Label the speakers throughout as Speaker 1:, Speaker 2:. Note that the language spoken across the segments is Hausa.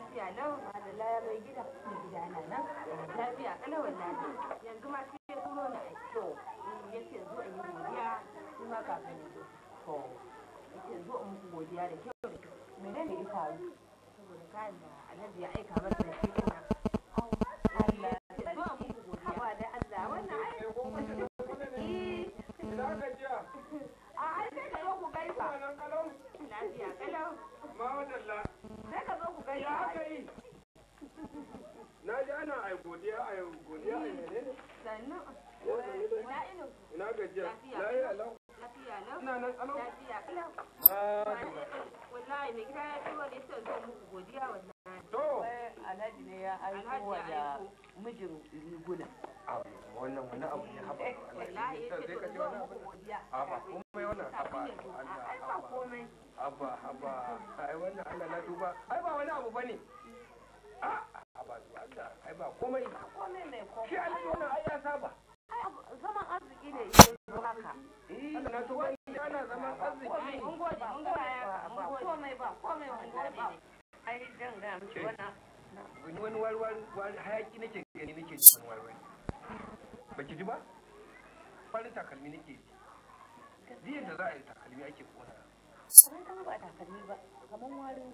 Speaker 1: lafiya lau da gida mai gida na nan lafiya yanzu ma sai ya turo ni a kyau yake zo a yi godiya shi ma kafin ya zo to yake zo muku godiya da kyau ya faru saboda kayan da alhaji ya aika masa da shi godiya a yau godiya a yau ina gajiya lafiya lau lafiya lau ina nan alau lafiya lau ah. wallahi gida ya ce wani muku godiya wallahi to alhaji ne ya aiko wa da mijin riguna wannan wani abu ne haɓa eh, wallahi ya ce godiya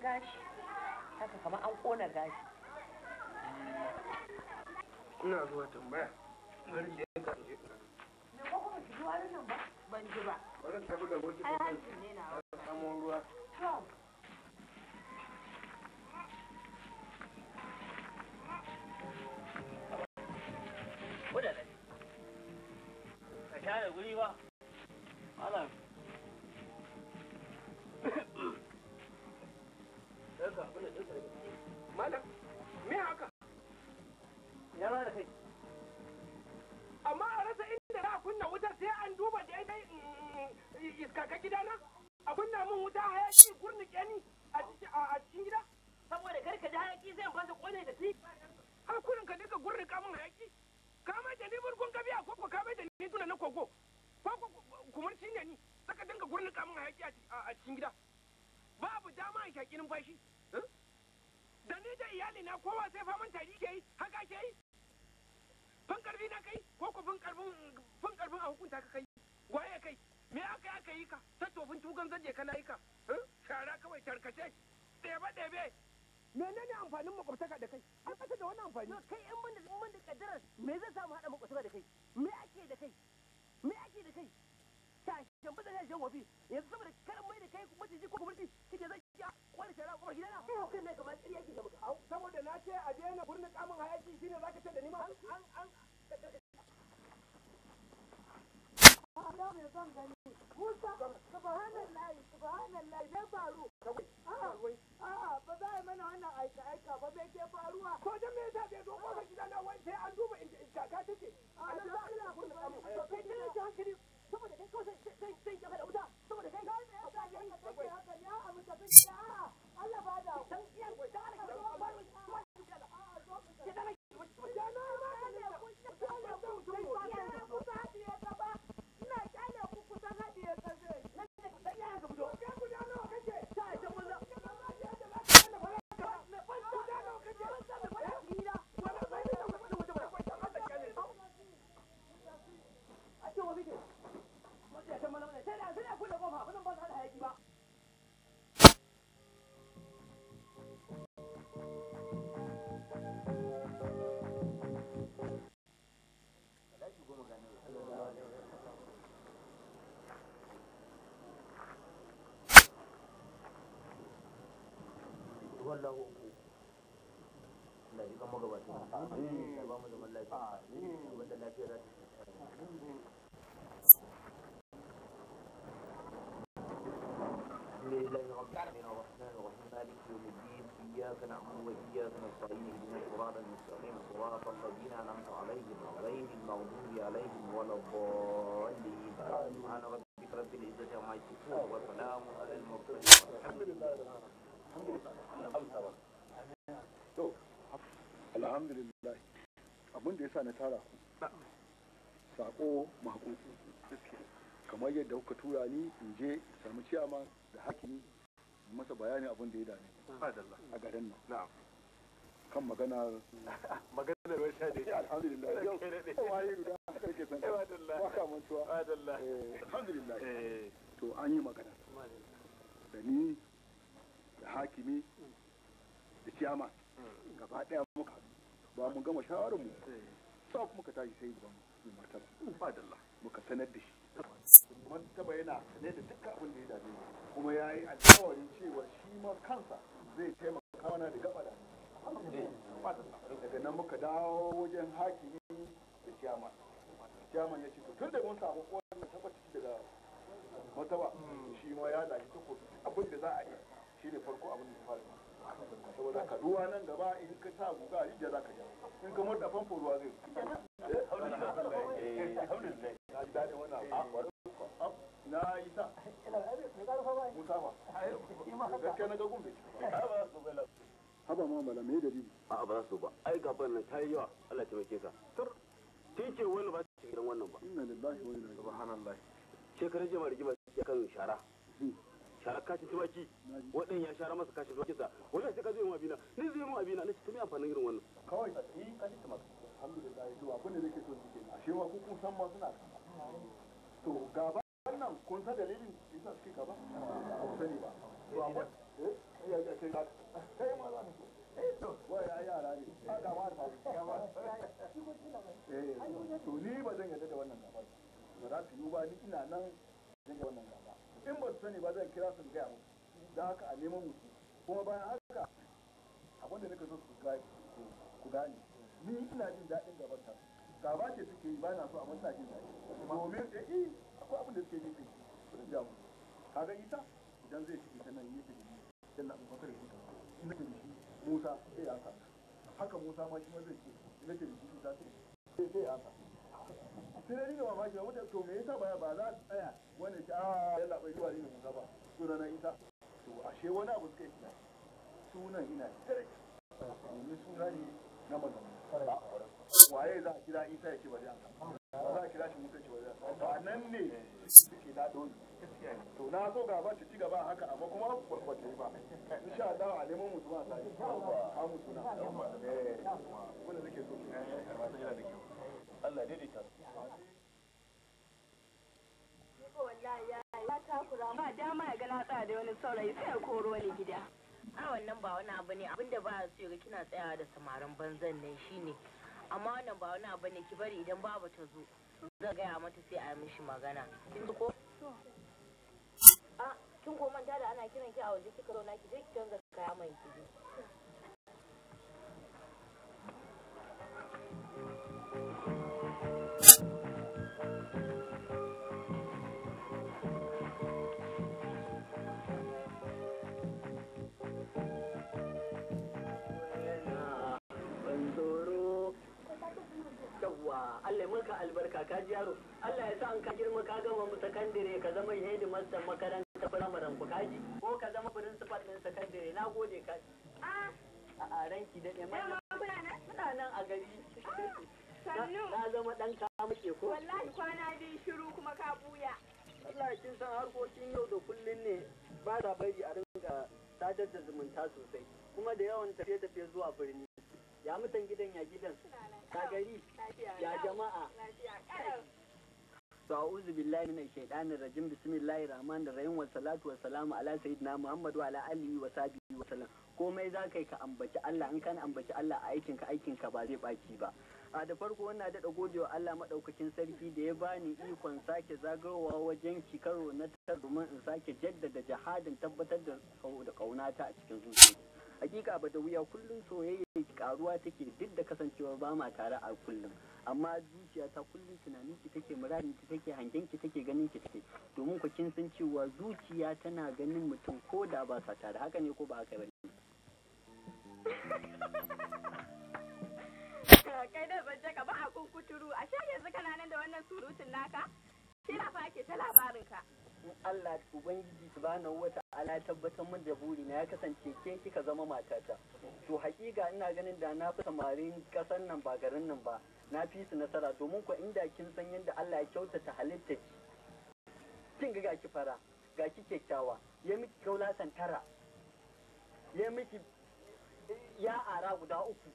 Speaker 1: gashi haka kamar an kona gashi ina zuwa tambaya har je ka je ne ko kuma ki zuwa nan ba ban ji ba wannan tabu da goki ai hanji ne na samu ruwa to Wadda ne, ka share guri ba, malam sai dai mm, mm, mm, iskaka gidana abin na wuta hayaki gurnike ni a cikin gida saboda hayaki zai kone da ka hayaki da ni ko da ni tuna na ko hayaki a cikin gida babu dama a eh? da ni da iyali na kowa sai faman tari ke yi haka ke yi na kai ko ko fin a hukunta ka kai waye kai me aka aka yi ka ta tofin tukan zaje kana yi ka eh? shara kawai tarkace ɗebe ɗebe menene amfanin makwabtaka da kai an kasa da wani amfani kai in mun da in da kaddarar me zai samu hada makwabtaka da kai me ake da kai me ake da kai tashin bada da shan wafi yanzu saboda karan mai da kai kuma jiji ko kuma kike zai ya kwari shara kuma gidana kai hokan ne kamar tsiri yake da muka saboda na ce a daina burin kamun hayaki shine zaka ce da ni ma an an Musa, subhanallah, subhanallah, me ba mana wannan aika-aika ba A da za ba zaman lahu Allah ya kama gabata ya ba mu zaman lafiya wanda lafiya za لله رب العالمين الرحمن الرحيم مالك يوم الدين اياك نعبد واياك نستعين اهدنا الصراط المستقيم صراط الذين انعمت عليهم غير المغضوب عليهم ولا الضالين سبحان ربك رب العزه عما يصفون
Speaker 2: وسلام على المرسلين والحمد لله to alhamdulillah abin da yasa na tara ku sako mako kamar yadda kuka tura ni in je samu ciyama da hakimi masa bayani abin da ya dame a garin nan kan magana maganar ruwan ne alhamdulillah yau guda san alhamdulillah eh, eh. to an yi magana da ni da hakimi da ciyama gaba daya muka ba mu gama shawarar mu sa ka tashi sai ba mu matar ba dalla muka sanar da shi martaba yana sanar da dukkan abin da ya dace kuma ya yi cewa shi ma kansa zai taimaka mana da gaba da daga nan muka dawo wajen hakimi da ciyama ciyama ya ce tun da mun samu kowanne tabbaci daga mataba hmm. shi ma ya zaci takobi abin da za a yi shi ne farko abin da ya fara saboda ka ruwa nan gaba in ka sa guga rijiya za ka ja in ka mota famfo ruwa zai
Speaker 3: eh, eh,
Speaker 2: na yi sa musafa gaskiya na ga gumbe haba ma mala mai da ribi a ba za su ba ai gaban nan ta yi yawa Allah ya taimake ka tur tinke wani ba ta
Speaker 1: gidan wannan ba inna lillahi wa inna ilaihi subhanallahi shekarar jama'a rigima kan shara hmm. ta kashin tumaki waɗin ya shara masa kashin tumaki sa wallahi sai ka zo yin abina ni zai mun abina nace tumi amfanin irin wannan
Speaker 2: kawai ni kashin tumaki alhamdulillah to abin da nake so ki ke a wa ku kun san ma suna to gaba wannan kun san dalilin suke gaba sani ba to amma eh ya ya kai ma za to ni ba zan yarda da wannan gaba ba za ba ni ina nan zan wannan gaba in ba su sani ba zai kira su gaya musu da haka a neman musu kuma bayan haka abin da nake so ku gane ni ina jin daɗin gaban ta gaba ce suke yi ba na so a masu jin daɗi domin da i akwai abin da suke nufi su da jamu kaga ita idan zai shige ta nan yake da ni dan abubakar shi ta ina da shi musa sai ya haka haka musa ma shi ma zai ce ina da shi ita sai sai ya haka sai dai ba mamaki ba to me yasa ba ba za su tsaya wanda ta a ah, yalla zuwa ne ba sunana isa to ashe wani abu suka yi sunan ina tare domin suna ne na magana waye za a kira isa ya ce ba ba za a kira shi mutunci ba zai an ba nan ne suke na doni to na so ga ba shi ci gaba haka amma kuma ba ta yi ba in sha Allah a neman mutum a sa yi ba so eh,
Speaker 3: eh,
Speaker 2: eh, ne Allah daidaita su
Speaker 1: ya ya takura ba dama ya ga latsa da wani saurayi sai ya koro wani gida a wannan ba wani abu ne abinda ba su ga kina tsayawa da samarin banzan nan shine amma wannan ba wani abu ne ki bari idan babu ta zo zan gaya mata sai a mishi magana kin ko a ah, kin ko manta da ana kiran ki a waje kika zauna ki je ki canza kaya mai ki Allah maka albarka ka ji yaro Allah ya sa an ka girma ka gama mu sakandare ka zama hedi mastan makaranta firamaren ku ka ji ko ka zama principal din sakandare. na gode ka ji ah. a ranki da ɗaya mana nan a gari ah, na zama ɗan ka muke ko wallahi
Speaker 4: kwana biyu shiru kuma ka buya
Speaker 1: Allah kin san harkokin yau da kullun ne ba da bari a rinka sadar da zumunta sosai kuma da yawan tafiye-tafiye zuwa birni ya mutan gidan ya gidan ka gari ya jama'a Sa'uzu billahi min shaitanir rajim bismillahir rahmanir rahim wa salatu wa salamu ala sayyidina Muhammad wa ala alihi wa sahbihi wa sallam komai za ka yi ka ambaci Allah in kana ambaci Allah a aikinka aikinka ba zai baki ba a da farko wannan daɗa wa Allah madaukakin sarki da ya bani ikon sake zagarowa wajen ki karo na tar in sake jaddada jihadin tabbatar da kaunata a cikin zuciya hakika ba da wuya kullum soyayya karuwa take duk da kasancewa ba ma tare a kullum amma zuciya ta kullum tunanin ki take muradin ki take hangen ki take ganin ki take domin ku kin san cewa zuciya tana ganin mutum ko da ba sa tare haka ne ko ba haka bane
Speaker 4: kai da banje ka ba a kuturu a sha yanzu kana nan da wannan surutun naka shi na fa ake ta labarin ka
Speaker 1: Allah ubangiji subhanahu wata Ala ya tabbatar min da burina ya kasance ke kika zama matata to hakika ina ganin da na fi samarin kasan nan ba garin nan ba na fi su nasara domin ku inda kin san yadda Allah ya kyautata halitta ki kin ga ki fara ga ki kyakkyawa ya miki kaulatan tara ya miki ya ara guda uku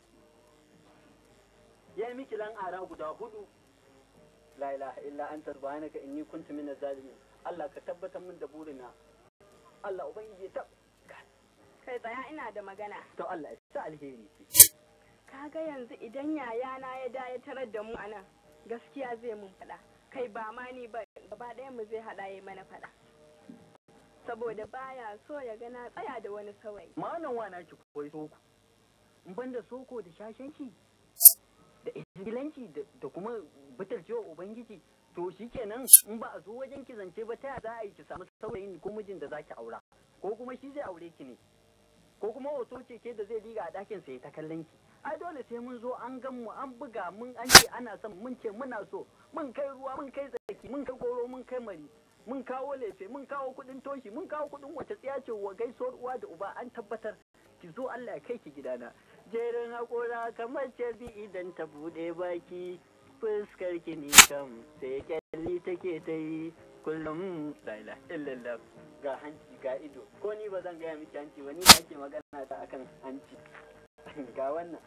Speaker 1: ya miki lan ara guda hudu la ilaha illa anta subhanaka inni kuntu minaz zalimin Allah ka tabbatar min da burina Allah ubangiji ta
Speaker 4: kai tsaya ina da magana
Speaker 1: to Allah ya sa alheri kaga yanzu idan yayana ya da ya tarar da mu anan gaskiya zai mun faɗa kai ba ma ni ba gaba ɗaya mu zai haɗa ya mana faɗa saboda baya so ya ga na tsaya da wani sawai malam wa na ki koyi soko in banda soko da shashanci da ingilanci da kuma bitarcewa ubangiji to shi kenan in ba a zo wajen ki zance ba ta yaya za a yi ki samu saurayin ko mijin da zaki aura ko kuma shi zai aure ki ne ko kuma hoto ce ke da zai riga a ɗakin sa ya ta kallon ki ai dole sai mun zo an gan mu an buga mun an ce ana son mun ce muna so mun kai ruwa mun kai tsaki mun kai goro mun kai mari mun kawo lefe mun kawo kuɗin toshi mun kawo kuɗin wace tsiya ce wa gaisuwar uwa da uba an tabbatar ki zo Allah ya kai ki gidana jerin haƙora kamar ce bi idan ta buɗe baki fuskar ki ni kam sai kyalli take ta yi kullum laila illallah ga hanci ga ido ko ni ba zan gaya miki hanci ba ni da ake magana ta akan hanci ga wannan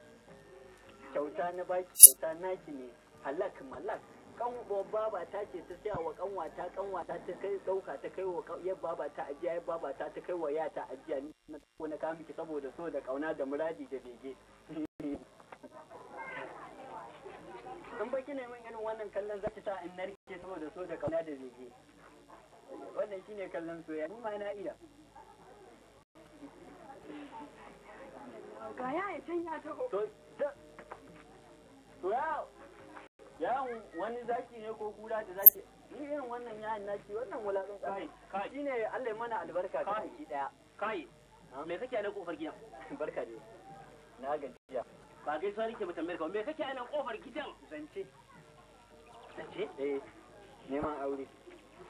Speaker 1: kyauta na baki kyauta naki ne halak malak kan baba ta ce ta saya wa ta kanwa ta kai dauka ta kai wa yar baba ta ajiya yar baba ta ta kai wa ta ajiya ni na ko na kawo miki saboda so da kauna da muradi da bege in ba kina min irin wannan kallon zaki sa in narke saboda so da kauna da zege wannan shine kallon soyayya mu ma na iya ga ya ya canja ta to to ya ya wani zaki ne ko kura da zaki ni irin wannan yayan naki wannan wulakan kai kai shine Allah ya mana albarka kai daya kai me kake na kofar gidan barka dai na gajiya ba gaisuwa nake mutum mai me kake anan kofar gidan zance zance eh neman aure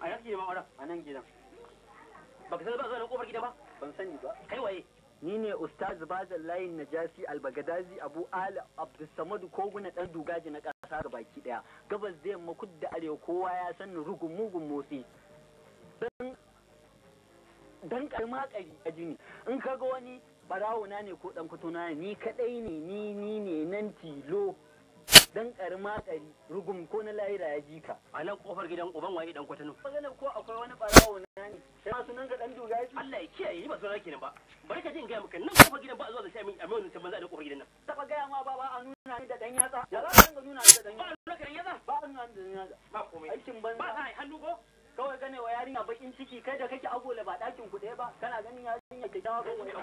Speaker 1: a yaki neman auren a nan gidan ba ka san ba zuwa kofar gidan ba ban sani ba kai waye ni ne ustaz bazan layin najasi albagadazi abu ala abdulsamadu koguna dan dugaji na kasa da baki daya gabas da yamma kud da arewa kowa ya san rugun mugun motsi dan dan karma kari a jini in kaga wani barawuna ne ko dan kwatona ne ni kadai ne ni ni ne nan tilo dan karma kari rugum ko na lahira ya ji ka a nan kofar gidan uban waye dan kwatano magana ko akwai wani barawuna na ne sai ma sunan ga dan duga shi Allah ya kiyaye ni ba nake nan ba bari ka jin ga maka nan kofar gidan ba zuwa da sai min a mai banza da kofar gidan nan taba ga ma ba ba a nuna ni da dan yatsa ya za ka nuna ni da dan yatsa ba nuna ni da dan yatsa ba nuna ni da dan yatsa ba komai aikin banza ba sai hannu ko kawai gane wa yarinya bakin ciki kai da kake agola ba dakin ku ɗaya ba kana ganin yarinya ke dawa kawai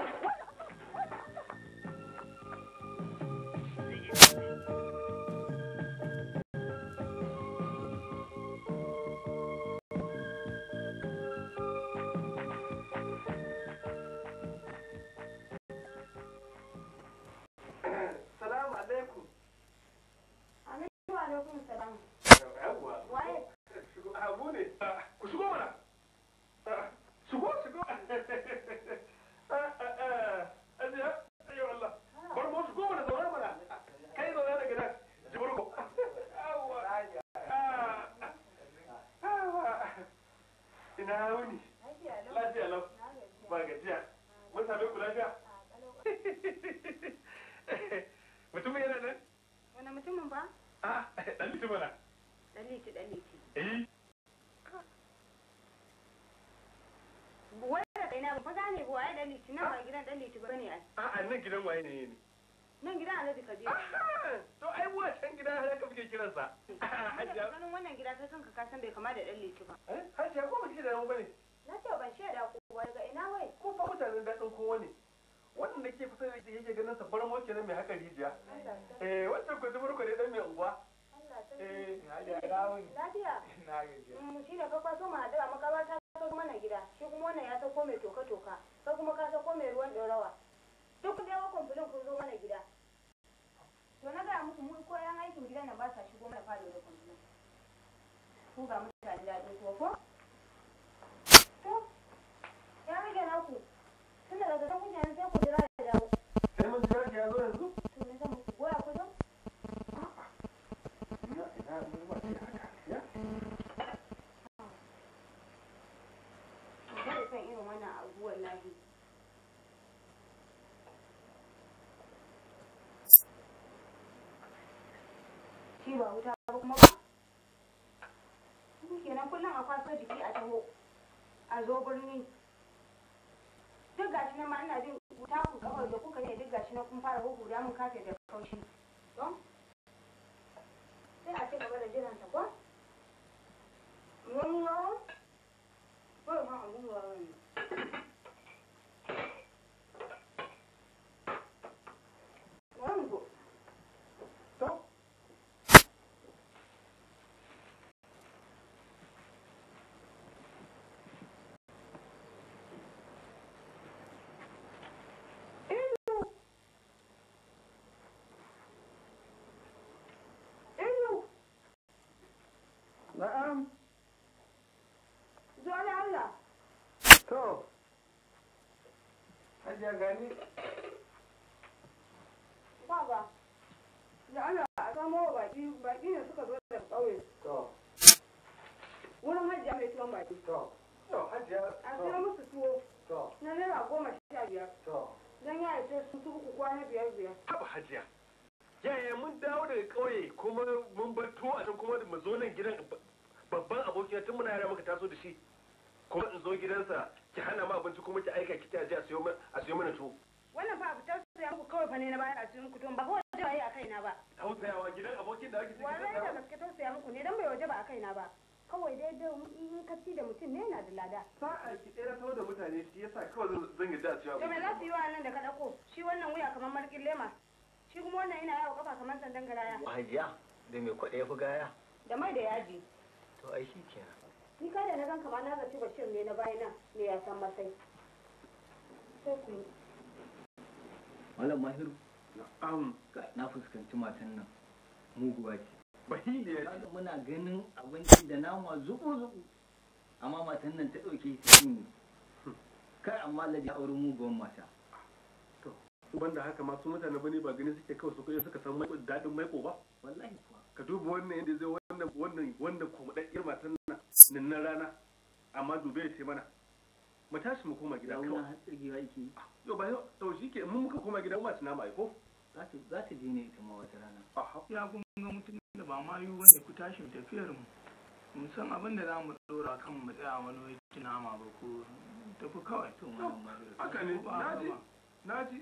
Speaker 1: Salamu alaikum. ina wuni lafiya
Speaker 2: lau ba gajiya mun same ku lafiya
Speaker 1: mutumin yana nan wani mutumin ba a ah, dan liti na. dan liti dan liti eh wanda kai na ba gane ko ai dan liti nan ah. ba gidan dan liti bane ai ah,
Speaker 2: a nan gidan waye ne ne
Speaker 1: Nan gidan Alhaji Kabiru. To ai wancan gidan Alhaji kuke kiransa. Hajiya. Ganin wannan gida ta kanka ka san bai kama da dan liti ba. Eh Hajiya ko bace da mu bane. Na ce ban da ko ba daga ina wai. Ko fa mutanen dadin kowa ne. Wannan da ke kusa da shi yake ganin sa bar mu mai haka rijiya. Eh wancan ko zubar ko ne dan mai Eh Na gaji. Mun shi ka kwaso mu hadira makabata ka zo mana gida. Shi kuma wannan ya sauko mai toka toka. Kai kuma ko sauko mai ruwan dorawa. Duk dai wa kwamfula to na gaya muku mu ko yan aikin gidan nan ba sa shigo mana fado da kwamfuta ko ga mutane da dai ko ko ya rage na ku tunda daga kan kunya sai ku jira da dawo sai mun jira ki yazo yanzu to ne zan muku goya ku don ina ina mun ba ki haka ya ba san irin wannan abu wallahi shi ba wuta ba kuma ba kenan kullum a kwaso jiki a taho a zo birni duk gashi ma ina jin wuta ku kawai da kuka yi duk gashi nan kun fara hukuda mun kafe da kaushi don sai a gaba da jiran ta mun yawon ma a Na'am. Zo Allah. To. Hajiya gani hajiya da mai kwaɗa ya fi gaya da mai da yaji to ai shi kenan ni ka da na ganka ma na zaci bashir ne na bayana ne ya san masai sai malam mahiru na'am na fuskanci matan nan muguwa ce ya ce muna ganin abinci da nama zubu zubu amma matan nan ta ɗauke ta ne. kar amma laji auren muguwan mata wanda haka masu mutane bane ba gani
Speaker 2: suke kawai su kuɗi suka san maiko daɗin maiko ba wallahi ka duba wannan yadda zai wannan wannan wannan
Speaker 1: kuma ɗan irma tan nan nan rana amma dubai ce mana mu tashi mu koma gida kawai ah, yau ba yau to shi ke mun muka koma gida kuma tana mai ko za
Speaker 5: ta je ne ita ma wata rana ya kun ga mutum da ba ma yi wanda ku tashi tafiyar mu mun san abin da za mu ɗora kan mu tsaya wani wai tunama ba ko tafi kawai to mu haka ne naji naji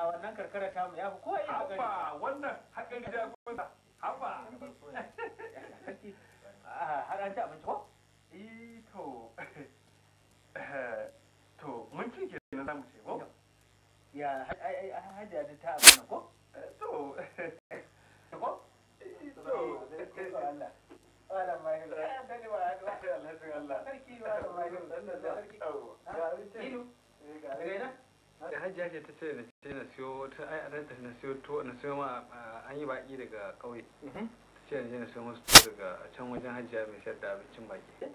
Speaker 1: a wannan karkara ta mu ya fi ko ina haba wannan hakan gida haba har an ci abinci ko eh to to mun ci zamu ce ko ya ya ta abin ko to
Speaker 6: ko to Allah Allah. Sarki Allah. da sarki. Ga
Speaker 1: hajjiya ce ta ce na ce na siyo wata ai a ta na siyo to na siyo ma an yi baki daga kauye ta ce na siyo musu to daga can wajen hajjiya mai sayar da abincin baki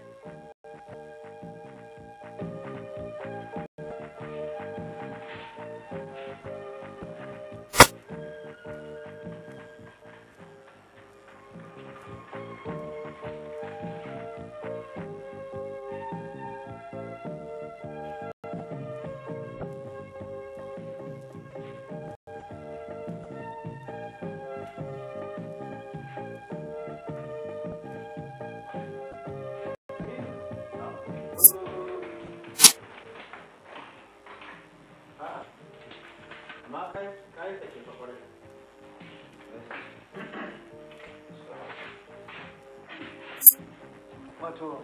Speaker 1: wato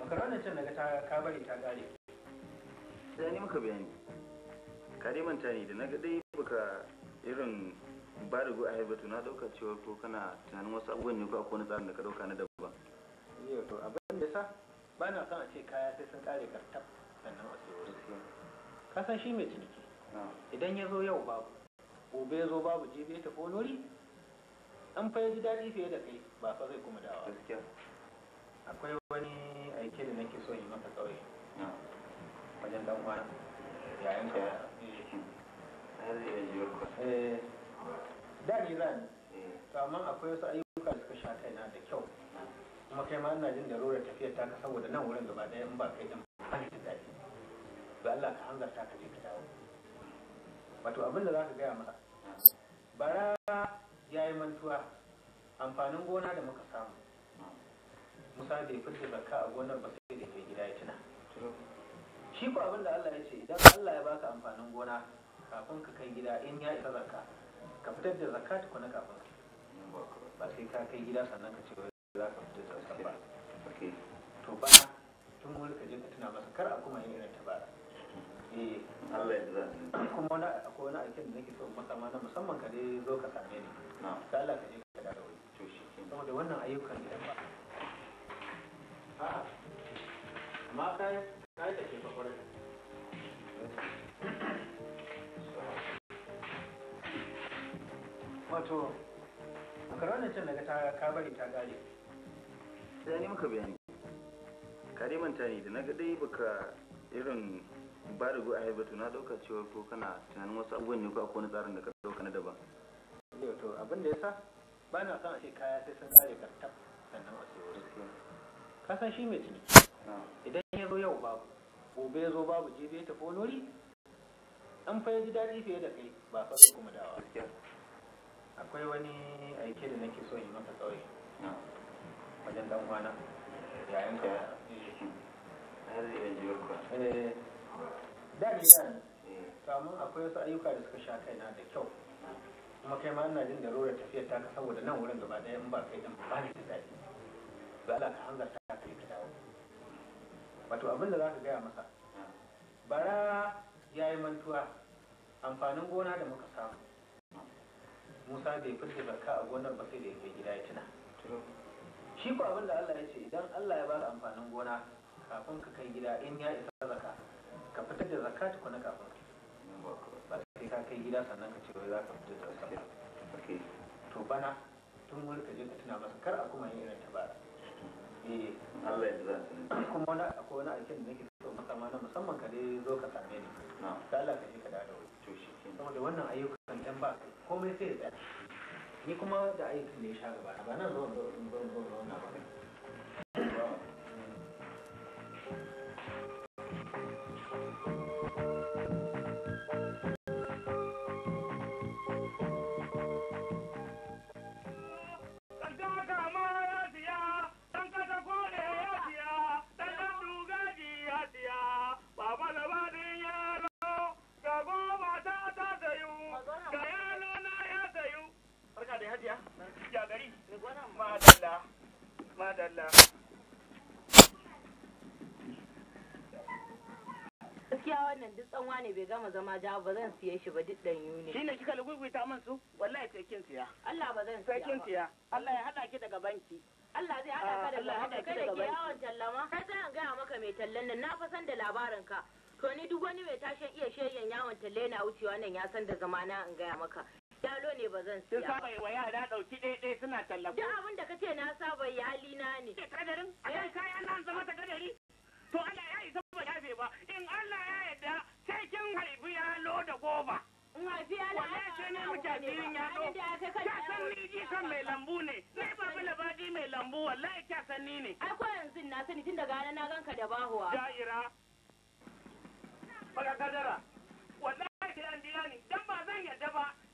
Speaker 5: makaronin can daga ka bari ta gare sai ni muka bayani ka dai manta ne da naga dai baka irin ba da go ahead na dauka cewa ko kana tunanin wasu abubuwan ne ko akwai wani tsarin da ka dauka na daban yau to abin da sa
Speaker 1: ba na son a ce kaya sai sun kare kartab sannan a sai wani
Speaker 5: ka san shi mai ciniki
Speaker 1: ah. idan ya zo yau babu gobe ya zo babu jibi ta tafi an fa ya ji daɗi fiye da kai ba fa zai kuma dawa akwai wani aike da nake so yi maka kawai wajen dan uwa yayin ka eh. da ni zan eh. to amma akwai wasu ayyuka da suka sha kai na da kyau kuma kai ma ina jin da rura tafiyar taka saboda nan wurin gaba ɗaya in ba kai dan ba da daɗi Ba Allah ka hanzarta ka je ka dawo wato abin da za ka gaya maka bara ya yi mantuwa amfanin gona da muka samu musa bai fitar zakka a gonar ba sai da ke gida ya tuna shi ko abin da Allah ya ce idan Allah ya baka amfanin gona kafin ka kai gida in ya isa zakka ka fitar da zakka kuna kafin ka ba sai ka kai gida sannan ka ce za ka fitar da zakka ba to ba tun wuri ka je ka tuna masa kar a kuma yin irin ta bara eh Allah ya zai kuma wani akwai wani aikin da nake so masa ma na musamman ka dai zo ka same ni da Allah ka je ka dawo to shi saboda wannan ayyukan da ba
Speaker 5: amma ka ka take kwakwalwa
Speaker 1: wato makaronin can daga ta bari ta gare
Speaker 5: sai ni muka bayani ka dai manta ne da na ga dai baka irin ba da go ahead ba na dauka cewa ko kana tunanin wasu abubuwan ne ko akwai wani tsarin da ka dauka na daban to abin da yasa ba na son a ce kaya sai sun kare ka tab sannan wasu kasan shi mai
Speaker 1: idan ya zo yau babu gobe ya zo babu jibi ta tafi an fa ji daɗi fiye da kai ba fa kuma dawa akwai wani aike da nake so yi maka kawai wajen dan kwana yayin ka da eh. akwai wasu ayyuka da suka sha kaina da kyau kuma kai ma ina jin da rora tafiyar ta saboda nan wurin gaba ɗaya in ba kai din ba ni da daɗi da Allah ka hanzarta ka yi ka dawo wato abin da za ka gaya masa bara ya yi mantuwa amfanin gona da muka samu musa bai fita zakka a gonar ba sai da ya gida ya tuna shi ko abin da Allah ya ce idan Allah ya baka amfanin gona kafin ka kai gida in ya isa zaka, ka fitar da zakka tukuna kafin ba sai ka kai gida sannan ka ce wai za ka fitar da zakka to bana tun wani ka je ka tuna masa kar a kuma yin irin ta bara Eh, Allah ya za kuma wani akwai wani aikin da nake so maka ma na musamman ka dai zo ka same ni da Allah ka je ka dawo to shi saboda wannan ayyukan yan ba komai sai ya tsaya ni kuma da ayyukan da ya sha gaba ba nan zo zo zo zo na ba Hajiya? Ya wannan duk tsanwa ne bai gama zama ja ba zan siye shi ba duk ɗanyu ne. Shi ne kika lugugwita min su? Wallahi sai kin siya. Allah ba zan siya. Sai kin siya. Allah ya haɗa ki daga banki. Allah zai haɗa ka ah, daga banki. da ke yawon tallama. Kai sai an gaya maka mai tallan nan na fa san da labarin ka. To ni duk wani mai tashin iya shegen yawon talle na wucewa nan ya san da zamana in gaya maka. Yalo ne ba zan siya. Kin saba wa yara dauki ɗaya suna tallafo. Duk abin da kace na saba yi halina ne. Ke kadarin? Akan kayan nan zama ta kadari? To Allah ya isa ba yafe ba. In Allah ya yarda sai kin haifi yalo da goba. In haifi yalo da goba. sai ne muke yalo. Ka san ni ji kan mai lambu ne. Ne ba bi labadi mai lambu wallahi ka san ni ne. Ai ko yanzu na sani tun daga ranar na ganka da bahuwa. Ja'ira. Baka kadara. Wallahi sai an biya dan ba zan yarda ba.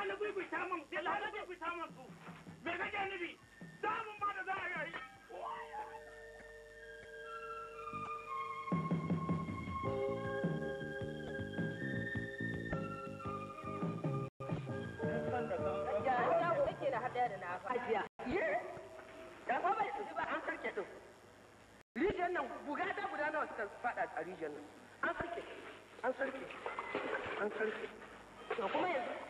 Speaker 1: hana ta min da hana bibita min su me kake nufi samun ma da za a yi Da su ba an sarke a An sarke. An sarke. An kuma yanzu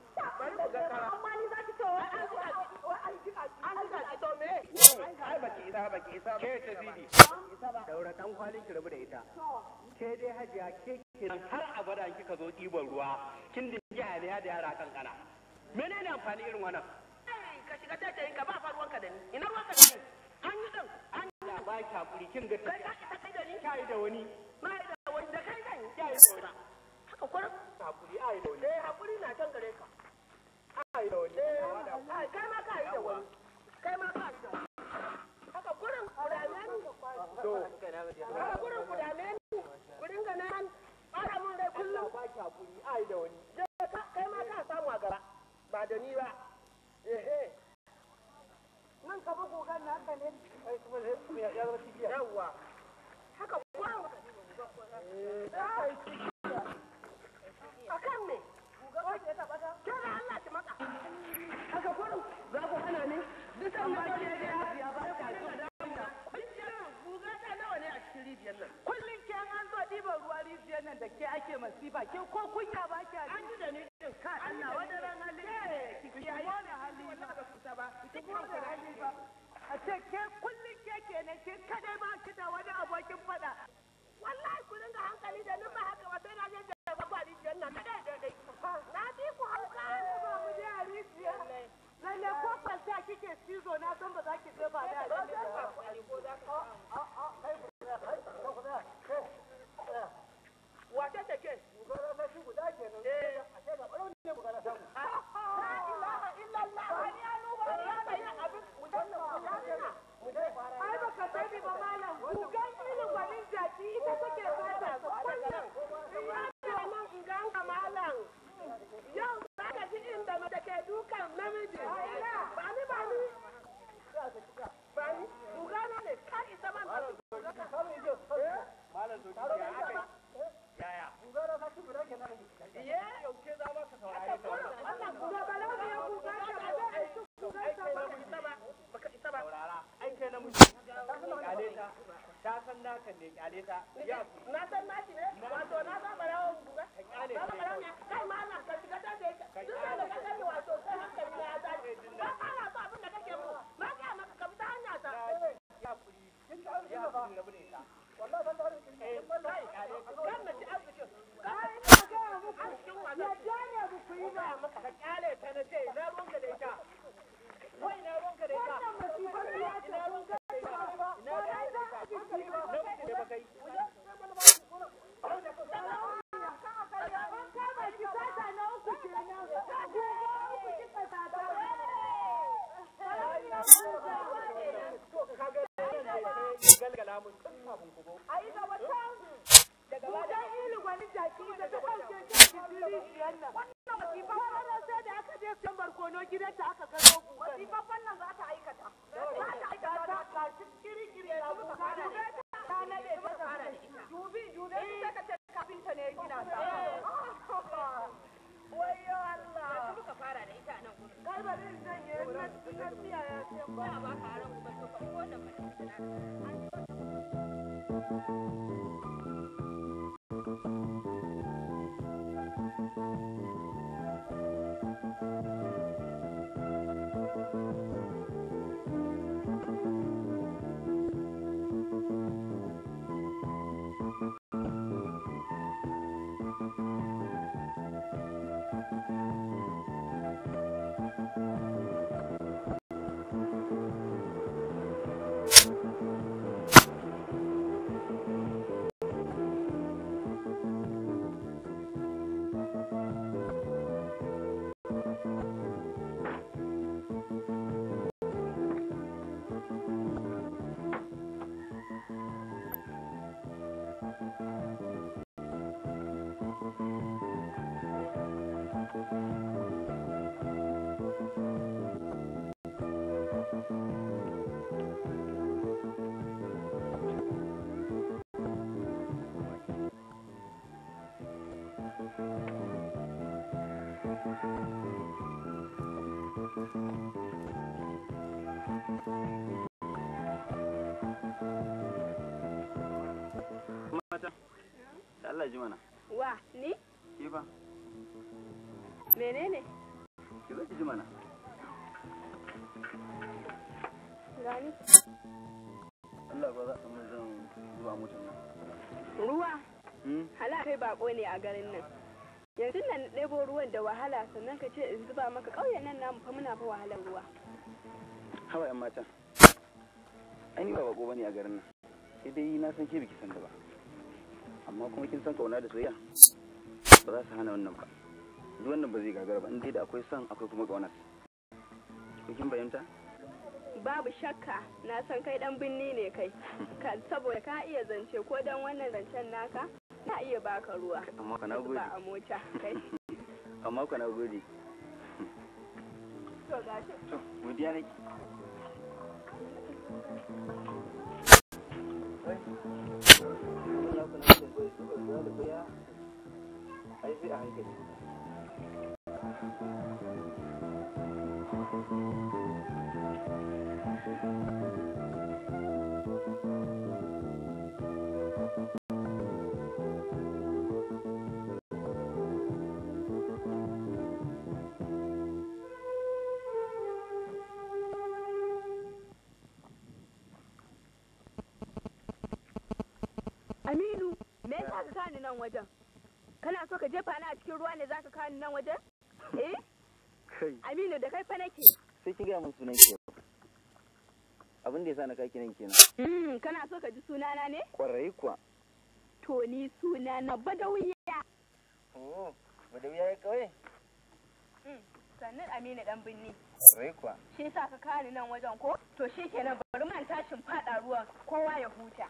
Speaker 1: ita baki isa ba ke daura dan kwalin ki rabu da ita ke dai hajiya ke ke har abada kika zo ɗiban ruwa kin da da yara kankana menene amfani irin wannan ka shiga ka ba da ni ina da ni an yi an da ba ki hakuri kin ga kai ka ta kai da ni kai da wani da wani da kai haka hakuri ai da wani eh hakuri na gare ka ai eh, da wani kai ma ka yi da wani kai ma ka yi a gurin ku dame ni fara mun rai kullum ba ki hakuri ai da wani kai ma ka samu a gaba ba da ni ba ehe nan ka ne ai kuma ya zama yawa haka a kan ne Allah ki maka masifa ke ko kunya ba ki a
Speaker 3: mata
Speaker 5: da Allah ji mana
Speaker 1: wa ni ke ba menene ki zo ji mana gani Allah ba za a mun zan zuwa mutum nan ruwa hmm? hala kai bako ne a garin nan yanzu nan ɗebo ruwan da wahala sannan ka ce in zuba maka ƙauyen nan namu fa muna fa wahalar ruwa hawa yan mata ni ba bako ne a garin nan sai dai na san ke biki san ba amma kuma kin san kauna da soyayya ba za su hana wannan ba duk wannan ba zai gagara ba in dai da akwai san akwai kuma kauna kin fahimta? babu shakka na san kai dan binni ne kai saboda ka iya zance ko dan wannan zancen naka ta iya baka ruwa amma kana gode ba a mota kai amma kana gode to gashi to godiya nake Thank you. nan wajen kana so ka jefa ni a cikin ruwa ne zaka kawo ni nan wajen eh aminu da kai fa nake sai ki ga mun sunan ki abin da yasa na kaki nan kenan hmm, kana so ka ji sunana ne kwarai kuwa to ni sunana badawiya oh badawiya ya kawai hmm, sannan aminu dan binni kwarai kuwa shi yasa ka kawo ni nan wajen ko to shi kenan bari man tashin fada ruwa kowa ya huta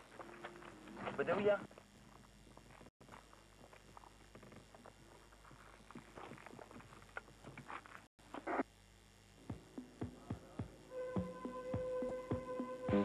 Speaker 1: badawiya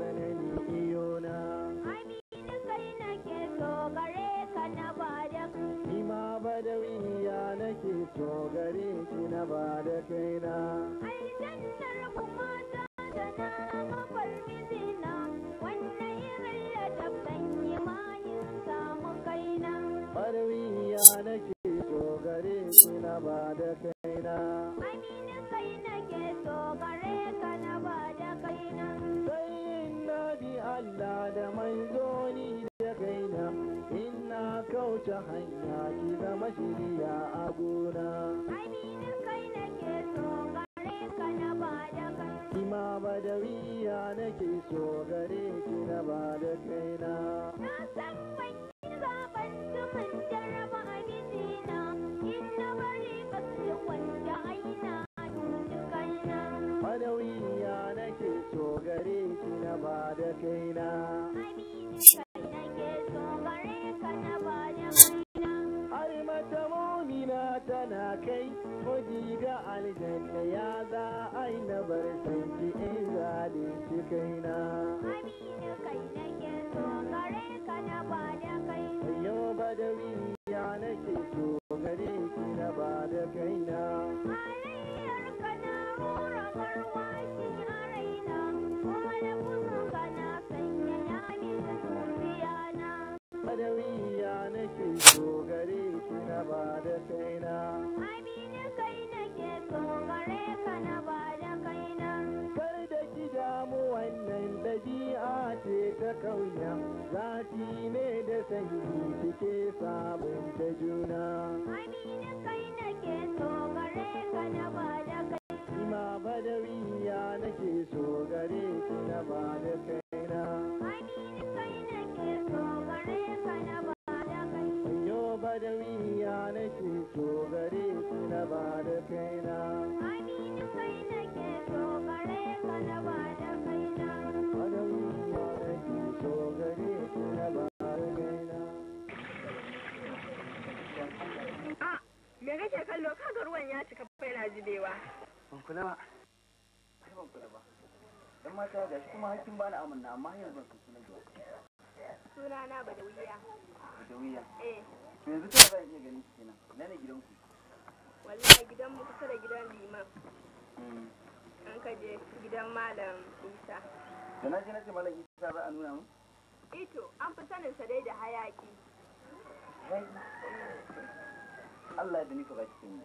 Speaker 6: than wuce hanya ki zama shiriya Thank you.
Speaker 1: ya cika bai na zubewa. Ban kula ba. Ai ban kula ba. Dan mata gashi kuma hakkin bani amanna amma yanzu ban san sunan ba. Sunana Badawiya.
Speaker 4: Badawiya. Eh. To
Speaker 1: yanzu ta zan iya ganin ki kenan. Ina ne gidanku?
Speaker 4: Wallahi gidan mu kusa da gidan liman. An hmm. ka je gidan Malam Isa.
Speaker 1: Da na je na ce Malam Isa za a nuna mu? Ito, eh an fi sanin sa dai da hayaki. Allah ya da ka ba cikin mu.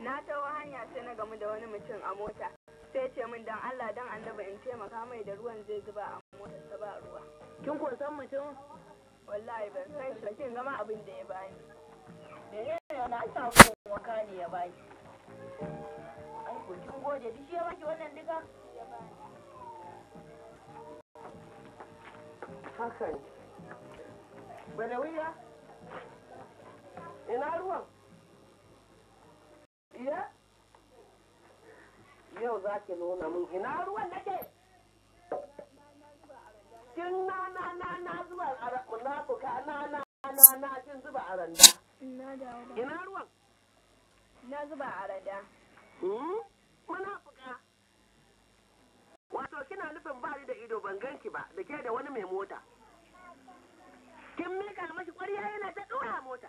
Speaker 1: na taho hanya sai na gamu da wani mutum a mota sai ce min dan Allah dan annaba in taimaka mai da ruwan zai zuba a ta ba ruwa kin ko san mutum wallahi ban san shi kin gama abin da ya bani ne na sa ku waka ne ya bani ai ko kin gode duk shi ya baki wannan duka ya bani hakan banawiya ina ruwan iya yau za ki nuna mun ina ruwan nake kin na na na na zuba a na fuka na na na na kin zuba a randa ina ruwan na zuba a randa muna kuka. wato kina nufin ba da ido ban ganki ba da ke da wani mai mota kin mika mashi kwarya yana ta dora mota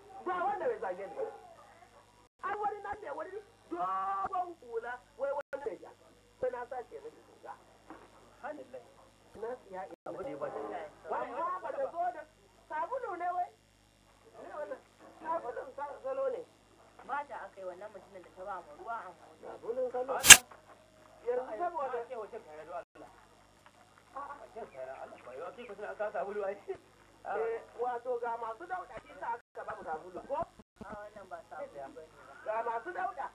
Speaker 1: ba wanda bai zage ni ai wani nan ne wani dogon kula wai wani na na ba ba ba da zo da sabulu ne wai sabulun salo ne wannan mutumin da ta ba mu ruwa an sabulun salo yanzu saboda ke kare Allah kare Allah ba yau ke kusa aka sabulu ai Eh, wato ga masu dauda shi sa aka ba mu tafulu ko ga masu dauda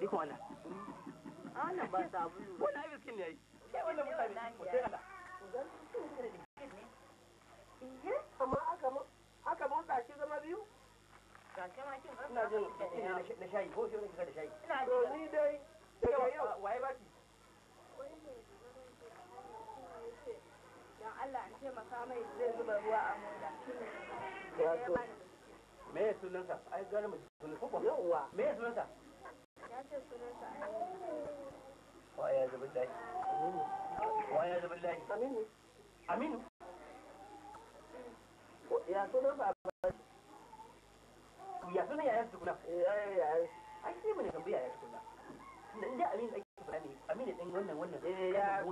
Speaker 1: Iko wala. Ana ba ne yayi. Sai wannan mutane sai Allah. amma aka mu aka shi zama biyu. Ga ma kin ba. Ina jin shayi ko shi ne da shayi. Ina ni dai yau waye zai zuba ruwa a me ya sunansa ai me ya sunansa ya ce sunansa zubi dai zubi dai aminu aminu ya sunan ba ya sunan yayan tukuna eh, yayan tukuna inda aminu ake fara ne aminu din wannan wannan eh, ya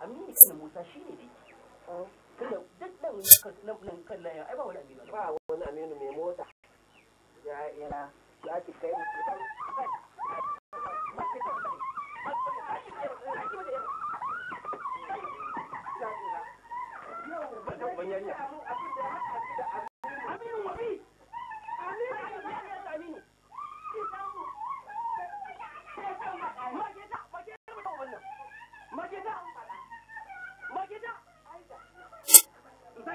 Speaker 1: aminu din musa shine dai tunda duk nan kan nan ai ba wani aminu ba wani aminu mai mota ya yana ya ki kai mutum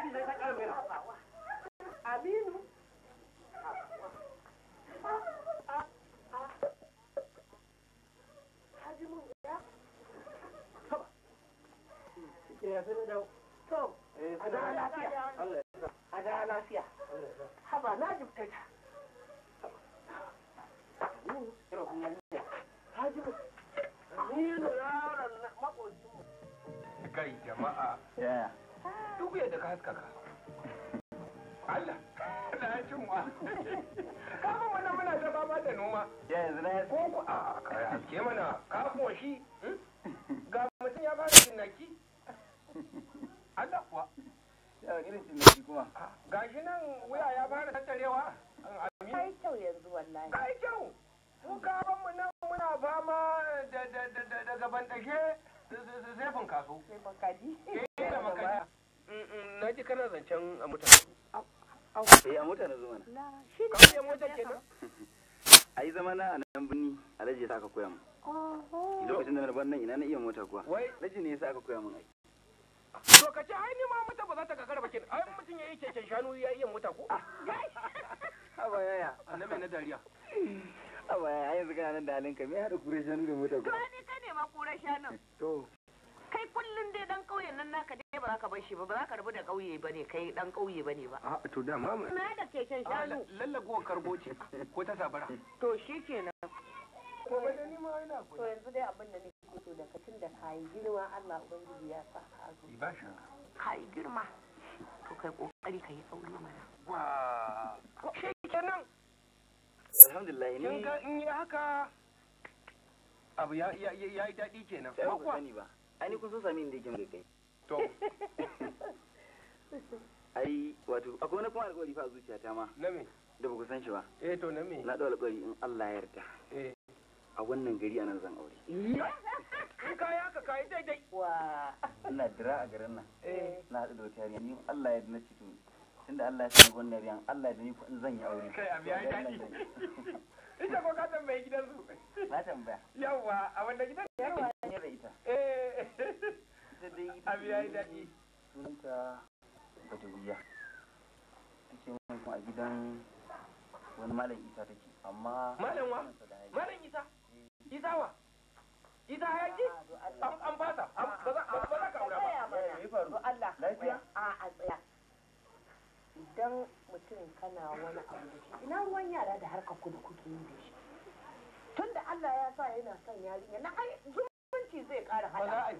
Speaker 1: اللي تقع منها امين حاجه من يا طبعا يا سندو تو انا على فيها الله انا على فيها حبا انا جبتها kai jama'a duk yadda ka haskaka Allah Allah cin wa kafin wannan muna ta baba da noma yanzu na ko ku a kai haske mana kafin shi ga mutum ya fara cinnaki Allah kuwa ya kuma nan wuya ya fara tattarewa kai kyau yanzu wallahi kai kyau mu kafin mu nan muna fama da da da da kaso zefin makadi na ji kana zancen a mutane eh, a mutane zuwa na mota a yi zama na a nan birni alhaji ya sa aka koya lokacin da na nan ina na iya mota kuwa alhaji ne ya sa aka koya aiki ai ni ma ba za ta kakara bakin ai mutum ya yi keken shanu ya iya mota ko ah. yaya na dariya yaya yanzu kana nan da halinka me kure shanu da mota ko ka kure shanu to kai kullum dai dan kauyen nan naka dai ba za ka bar shi ba ba za ka rabu da kauye ba ne kai dan kauye ba ne ba a to da mama na da keken shanu lallago karbo ce ko ta sabara to shikenan Ko ba da ni yana ko to yanzu dai abin da nake so da katin da kai girma Allah ubangiji ya sa ka zo ba shi kai girma to kai kokari kai aure mana wa shikenan alhamdulillah ne kin ga in yi haka abu ya ya ya yi daɗi kenan ba kuwa ba Ani kun san sami inda yake mai kai to ai wato akwai wani kuma alƙawari fa zuciya ta ma na me da baku san shi ba eh to na me na dau alƙawari in Allah ya yarda eh a wannan gari anan zan aure in ka ya ka kai dai wa ina dira a garin nan eh na haɗu da wata yarinya ni Allah ya na cikin tunda Allah ya sani wannan yarinya Allah ya da in zan yi aure kai abi ai dadi ita ko ka tambaye gidan su na tambaya yawa a wanda gidan ya yawa ne da ita eh ya yi daɗi take mun a gidan wani malam isa take amma malam wa malam isa isa wa isa ah, an ba za ka aura ba eh, ya faru Allah lafiya eh, a a tsaya idan mutum kana wani abu da shi ina ruwan yara da harka kudu kuke yi da shi tun da Allah ya sa yana son yarinya na ai zumunci zai kara hada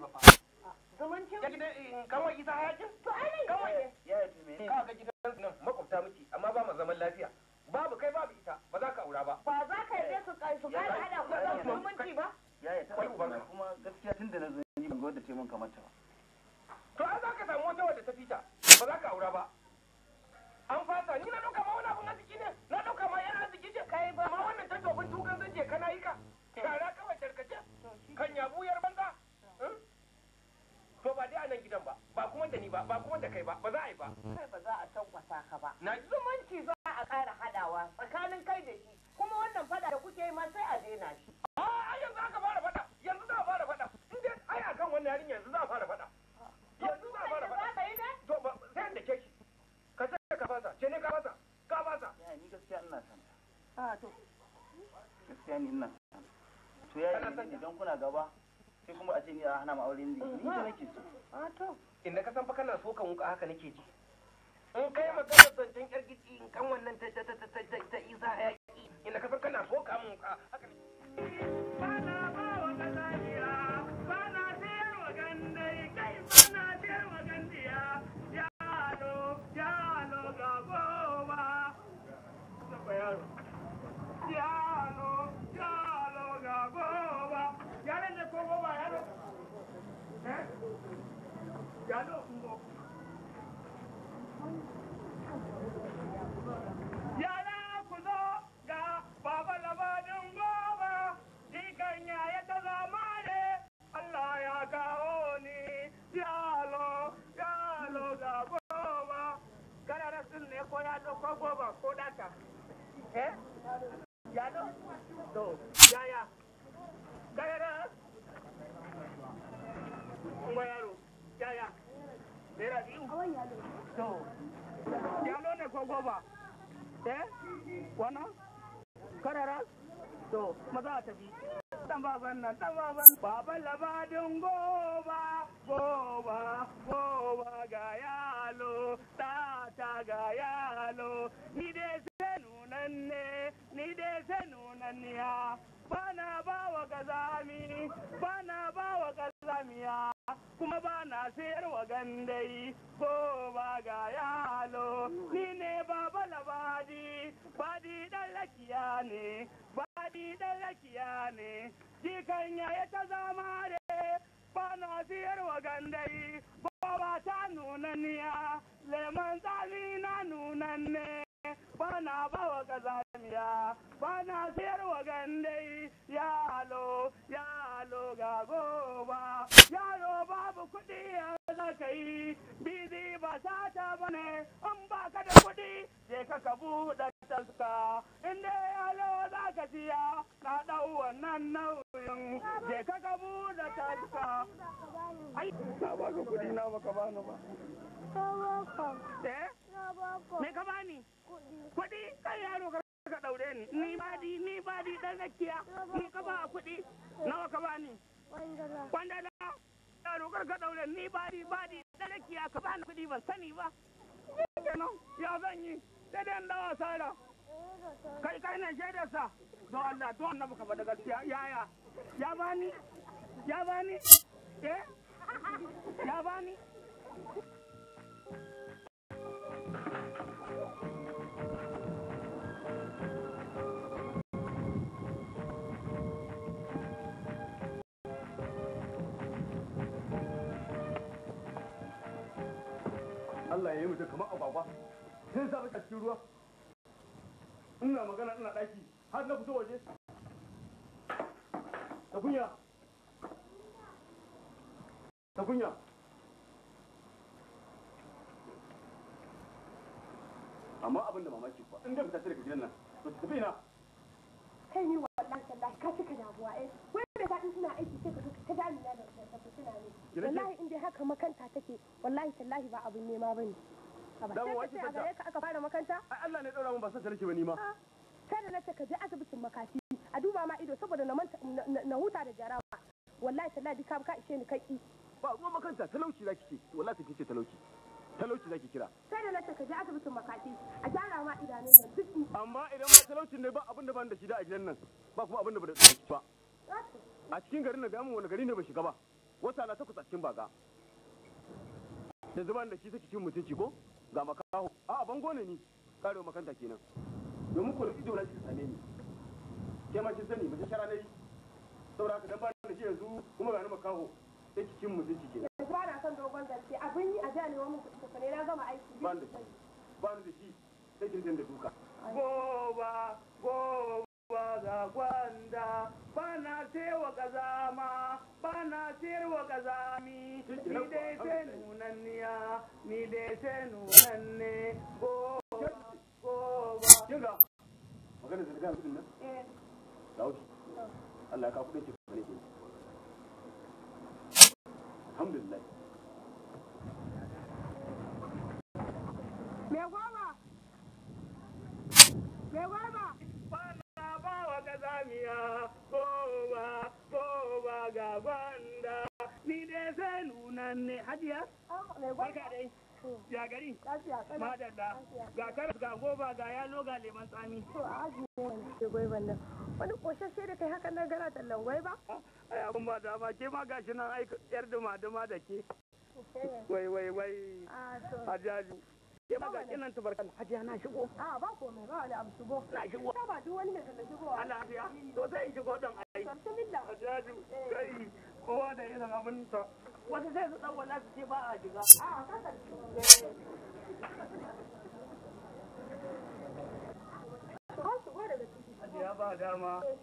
Speaker 1: zumunci ya gida in eh, kawai isa hayakin to ai nan kawai ya yi ka ga gidan nan makwabta muke amma ba mu zaman lafiya babu kai babu ita ba za ka aura ba ba za ka yi su kai su ƙara hada ku da zumunci ba ya yi ta kuma gaskiya tun da na zo ni ban ga wadda ce mun kamata ba to an za ka samu wata wadda ta fita ba za ka aura ba an fasa ni na dauka ma wani abun arziki ne na dauka ma yan arziki ce kai ba ma wannan ta tobin tukan zan je kana yi ka shara kawai tarkace kan ya buyar banza hmm? to ba dai a nan gidan ba ba kuma da ni ba ba kuma da kai ba ba za a yi ba kai ba za a tankwasa ka ba na zumunci za a ƙara hadawa tsakanin kai da shi kuma wannan fada da kuke yi ma sai a daina shi a yanzu aka fara fada yanzu za a fara fada in dai ai akan wannan yarin yanzu za a fara fada ce ne ka ya ni gaskiya ina san a to gaskiya ni ina san to ya yi idan kuna gaba sai kuma a ce ni a hana ma aure ni ni da nake so a to inda ka san fa kana so haka nake ji in kai magana zancen yar in kan wannan ta ta ta ta ta ba yaro yalo yalo ga boba yalo ne ko boba yalo eh yalo kuma yara ku ga baba labarin goba jikan yaya ta zama ne Allah ya kawo ni yalo yalo ga boba kana da sun ne ko ya ɗauko goba ko ɗata eh yalo yalo maza tafi baban labadin goba goba goba ga yalo ta ga yalo ni dai sananne ni dai sai nunanniya bana bawa wa gazami bana bawa wa gazamiya kuma bana sayar wa gandai ko ba ga yalo ni ne baba labadi badi dan lakiya ne badi dan lakiya ne jikan yaya ta zama re Bana sayar wa gandai ko ba ta nunanniya lemon tsami na nunanne bana ba bawa ƙazamiya bana siyarwa gandai yalo yalo ga goba yaro babu kuɗi ya za ka yi bizi ba sata ba bane an
Speaker 5: ba ka da kuɗi je ka ka buɗe taska in dai yalo za ka siya na ɗau wannan nauyin je ka
Speaker 1: ka taska ai na ka kuɗi na
Speaker 5: baka bani ba
Speaker 1: Me ka bani? Kuɗi kai yaro ka ni. Ni badi ni badi rakiya. Ni ka ba kuɗi. Nawa ka bani? Kwandala. Yaro kar ka daure ni badi badi dan rakiya ka bani kuɗi ban sani ba. Kenan ya zan yi. Sai dan dawa sara. Kai kai na shaidar sa. Don Allah don ka faɗa gaskiya. Yaya? Ya bani? Ya bani? Eh? Ya bani?
Speaker 2: Allah ya yi mutum kamar agwagwa sai sa a cikin ruwa
Speaker 1: ina magana ina ɗaki har na fito waje
Speaker 2: ta kunya ta kunya amma abin da mamaki kuwa in da fita daga gidan nan to tafi na
Speaker 1: kai ni wallahi tallahi ka cika damuwa eh wai da daɗin suna aiki sai ka ta damina da wallahi inda haka makanta take wallahi tallahi ba abin nema bane dan wace ta gare ka aka fara makanta ai Allah ne dora mun ba san tarki ba ni ma ah, sai da ce ka je asibitin makafi a duba ma ido saboda na na huta da jarawa wallahi tallahi duka ka ishe ni kai ba kuma makanta talauci zaki ce wallahi take ce talauci talauci zaki kira sai da nace ka je asibitin makafi a gyara ma idanun nan duk amma idan ma talaucin ne ba abin da ban da shi da a gidan nan ba kuma abin da ba da ba a cikin garin na ga mu wani gari ne ba shiga ba wata na takwas a cikin baga yanzu ban da shi take cin mutunci ko ga makaho a bango ne ni karewa makanta kenan
Speaker 2: domin ku ido shi kika same ni ke ma kin sani mace shara nayi saboda haka dan ba da shi yanzu kuma ga ni makaho sai ki cin mutunci kenan
Speaker 1: ba na son dogon zance abin yi a jiya ne wani kuɗi ne na gama aiki ban da shi ban da shi sai kin da duka goba goba ga gwanda bana tewa kazama bana tewa kazami ni dai sai nunanniya ni dai sai nunanne goba goba kinga magana da gaba kudin nan eh
Speaker 2: dawo
Speaker 3: eh.
Speaker 2: Allah ya ka kudin ki alhamdulillah
Speaker 1: wanda kowa kowa ga ni dai sai nunan ne hajiya ah, barka dai ya gari madalla ga karas ga goba ga yalo ga leman tsami wani koshashe da kai haka na gara tallan gwai ba ah, ba dama ke ma gashi nan ai yar duma duma da ke wai wai wai a ah, ya ba ga kinan tubarkan hajiya na shigo a ba komai ba wani abu shigo na shigo ta ba duk wani mai kana shigo ana hajiya to sai in shigo don ai bismillah hajiya kai eh. kowa da irin abin sa wata sai su dan wala su ce ba a shiga a kasa ko shigo daga ciki hajiya ba dama eh,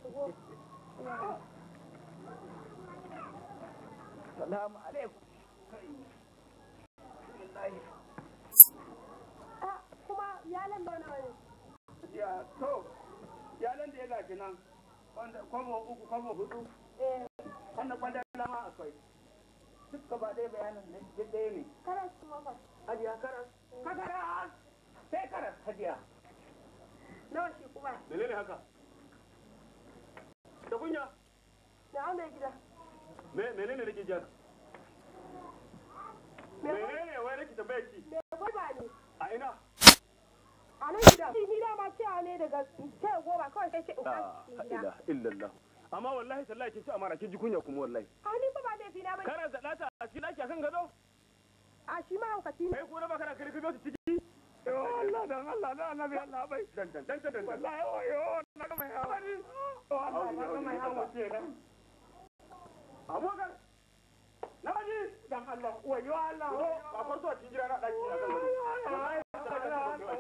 Speaker 1: salamu alaikum to yalan da ya gashi nan kwabo uku kwabo hudu eh. wanda kwandar lama akwai duk gaba ɗaya bayanin duk ɗaya ne karas kuma ba hajiya karas eh. karas sai karas hajiya nawa shi kuma ne haka da kunya da an mai gida me menene nake Me ne menene wai nake tambaye ki me gwaba ne a ina a nan gida ni da ma cewa ne daga kai goma kawai sai ce ukan illallah amma wallahi tallahi ke ci amara ke ji kunya kuma wallahi a ni ba ba laifi na bane kana da lata a cikin akan gado a shi ma hauka ne kai ko kana Allah dan Allah dan annabi Allah bai dan dan dan dan wallahi oh, yo na ga mai hawari oh, na ga mai hawari na ji dan Allah Allah oh. ba farko a cikin na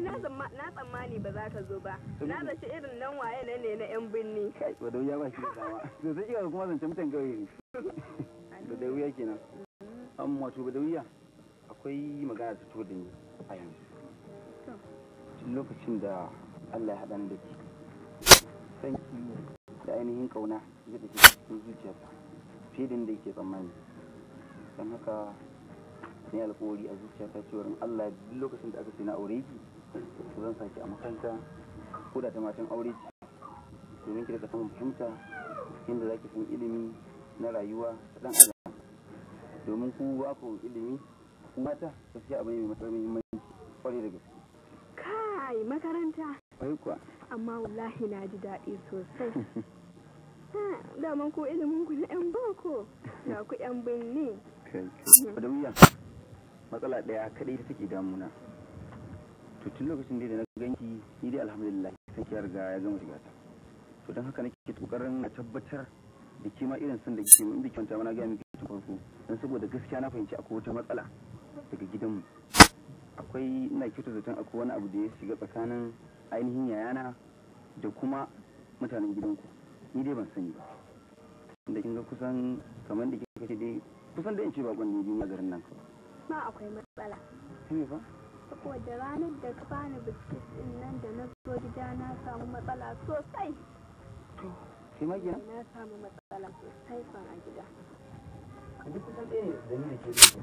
Speaker 1: na tsammani ba za ka zo ba. Na zaci irin nan waye na ne na 'yan binni. Kai, da wuya ba shi da dawa. Zai iya kuma zance mutan gauye ne. Badawiya kenan. An wato badawiya akwai magana ta to da ni a yanzu. Tun lokacin
Speaker 5: da Allah ya haɗa ni da ke. Sanki da ainihin ƙauna zai da ke cikin zuciyarsa. Fidin da yake tsammani. Don haka ne alkawari a zuciyata cewar Allah duk lokacin da aka ce na aure ki to zan saki a makaranta ko da ta matan aure ki domin ki daga samun fahimta inda zaki san ilimi na rayuwa ta dan adam domin ku ba ku ilimi ku mata gaskiya abu ne mai matsar muhimmanci kwarai da gaske
Speaker 1: kai makaranta kai kuwa amma wallahi na ji daɗi sosai daman ko ilimin ku na 'yan boko na ku 'yan birni
Speaker 5: kai da
Speaker 1: matsala daya kaɗai ta take damuna to tun lokacin da na ganki ni dai alhamdulillah sai ki riga ya gama shiga ta to don haka nake kokarin na tabbatar da kima irin sun da kike in biki kwanta mana ga miki tun farko dan saboda gaskiya na fahimci akwai wata matsala daga gidanmu akwai ina kito zaton akwai wani abu da ya shiga tsakanin ainihin yayana da kuma mutanen gidanku ni dai ban sani ba da kin ga kusan kamar da kike dai kusan da in ce bakon ne biyu garin nan
Speaker 4: ma akwai matsala. Saboda ranar da ka bani biskit din nan da na zo gida na samu matsala sosai.
Speaker 1: To, ma gina? Na
Speaker 4: samu matsala sosai fan a gida.
Speaker 1: kusan ɗaya ne da ni da ke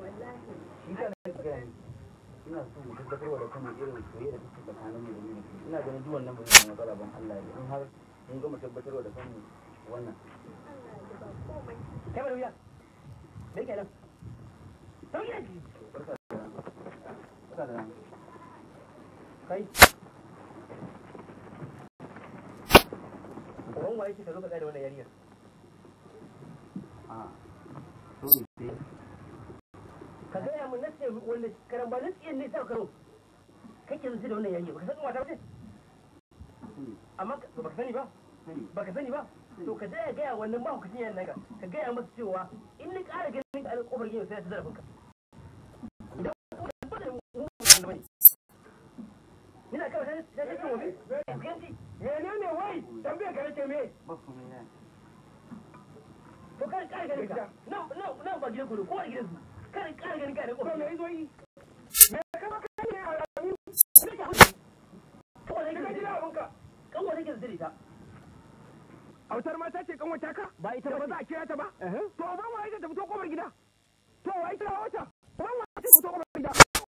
Speaker 1: Wallahi. Shi ka na gaya Ina so mu tabbatarwa da irin soyayya da take tsakanin mu da ni. Ina ganin duk wannan ba zai matsala ban Allah ya in har mun gama tabbatarwa da wannan. Allah ya ba komai. Kai ba da wuya. kenan? kai wani waye shi ka da wannan yarinyar a to ne ka mun nace wanda karan ba ne ta karo kake zuci da wannan ba ka san wata ce amma ba ka sani ba ba ka sani ba to ka daya gaya wannan ba ku cinya nan ka ka gaya masa cewa in ni ƙara ganin ka alƙofar gini sai ta zarafinka kar ka ka ka ne ka autar mata ce kan wata ka ba ita ba za a kira ta ba to ban wa ita ta fito gida to wa ita ban wa ita ta fito gida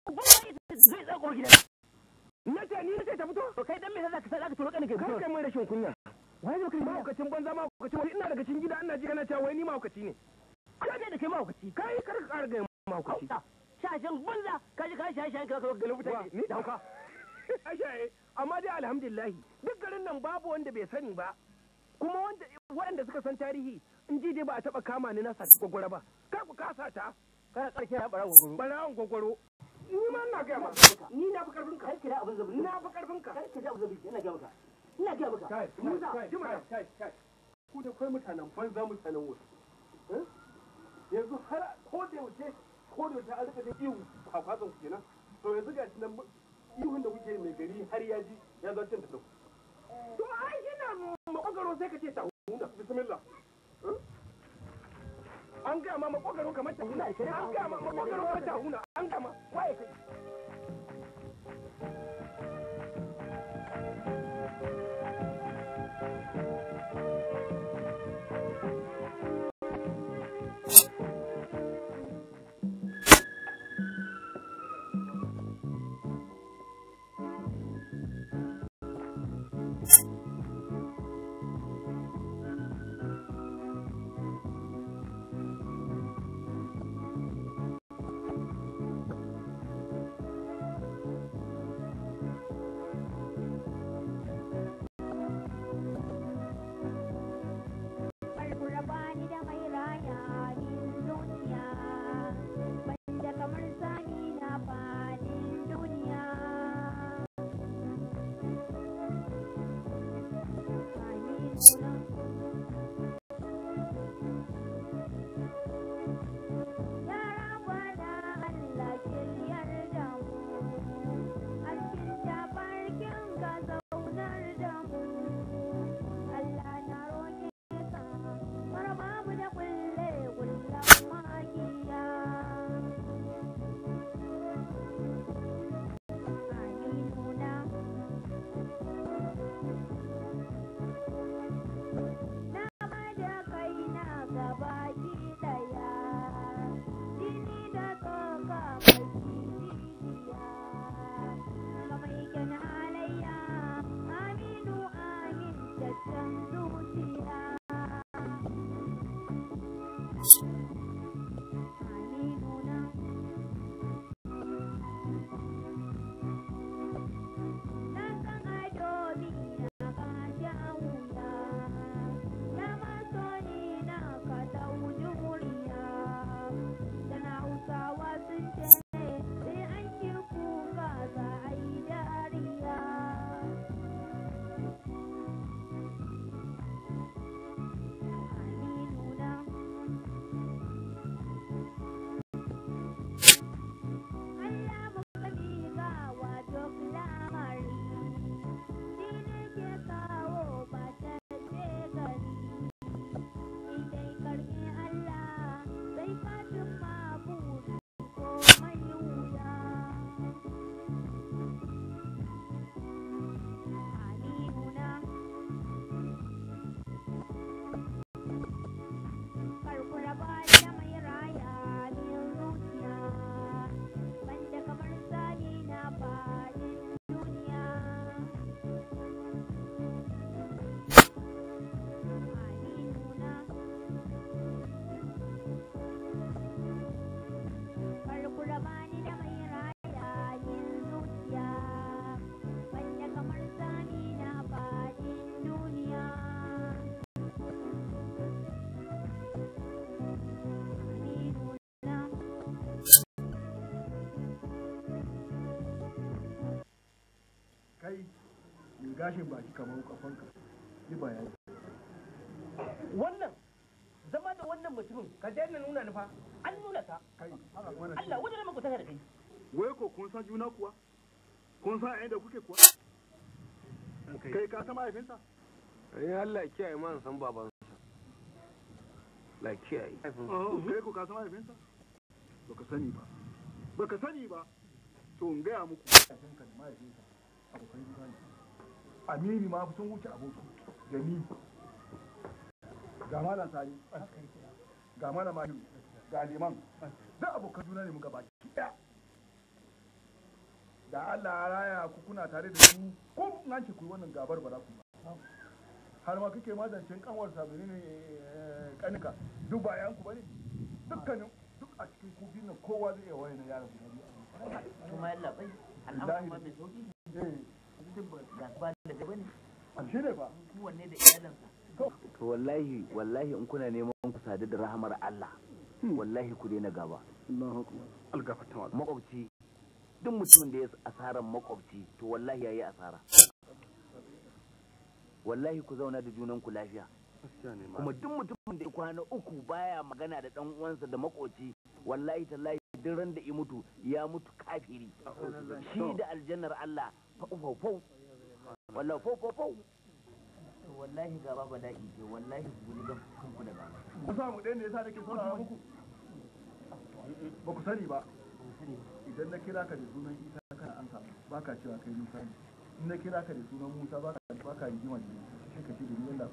Speaker 1: kunya ana ne kar ka ni amma dai duk garin nan babu wanda bai sani ba kuma waɗanda suka san tarihi in ji dai ba a taɓa kama ni na sati gwagwara ba kai ku kasa ta kana ƙarshe ɓarawon gwagwaro ni ma maka ni na karfin abin zabi na karfin ka abin zabi ina gaya maka ina maka kai kai kai kai ku da kai mutanen banza mutanen eh? yanzu har ko da yaushe ko da yaushe an rika ku kenan to yanzu ga nan ihun da kuke mai gari har ya ji ya da to ai yana makogaro sai ka ce ta huna bismillah an gama makogaro kamar ta huna an gama makogaro kamar ta huna an gama waye kai
Speaker 2: gashin baki kamar kafanka ni ba ya
Speaker 1: wannan zama da wannan mutumin ka daina nuna nufa an nuna ta kai Allah wani da makuta da kai wai ko kun san juna kuwa kun san yadda kuke kuwa kai
Speaker 2: ka san mahaifinsa
Speaker 1: eh Allah kiyaye man san babansa la kiyaye oh,
Speaker 2: kai ko ka san mahaifinsa baka sani ba baka sani ba to in gaya muku abokan juna ne amiri ma sun wuce aboki da ni ga malam sani ga malam mahiru ga liman duk abokan juna ne muka baki ɗaya da Allah ya raya ku kuna tare da su ko na ce ku wannan gabar ba za ku ba har ma kake ma zancen kanwar sabini ne kanika eh, duk ba yanku bane dukkanin duk a cikin kufin nan kowa zai iya wani yaran guda biyu to mai sauki
Speaker 1: to wallahi wallahi in kuna neman ku sadu da rahamar Allah hmm. wallahi ku daina gaba makwabci duk mutumin da ya asarar makwabci to wallahi ya yi asara wallahi ku zauna da junan ku lafiya kuma duk mutumin da ya kwana uku baya magana da ɗan uwansa da makoci wallahi tallahi duk ran da ya mutu ya mutu kafiri shi da aljannar Allah faufau wallah faufau wallahi ga ba wallahi
Speaker 2: guri ga kanku da ku samu ɗaya ne yasa nake saurara muku ba ku sani ba idan na kira ka da sunan isa an samu ba ka cewa kai musa ne in na kira ka da sunan musa ba ka ba ka sai ka ce da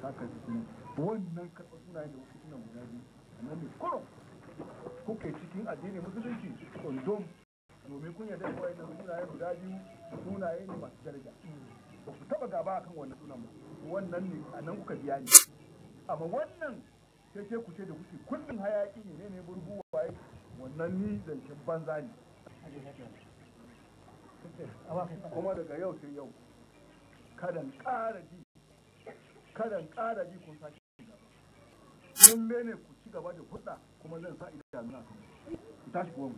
Speaker 2: ka ka ji sunan wannan da wasu guda biyu nan ne kurum kuke cikin addinin musulunci kondom domin kun kawai da wayannan sunaye guda biyu sunaye ne masu daraja ba ku taba gaba akan wannan sunan ba wannan ne a nan kuka biya ni amma wannan sai ke ku ce da kuke kullum hayaki ne ne burbuwa waye wannan ni zancen banza ne kuma daga yau sai yau kadan kara ji kadan ƙara ji kun sake kun bene ku ci gaba da hudda kuma zan sa idanu na ku
Speaker 1: tashi kuwa mu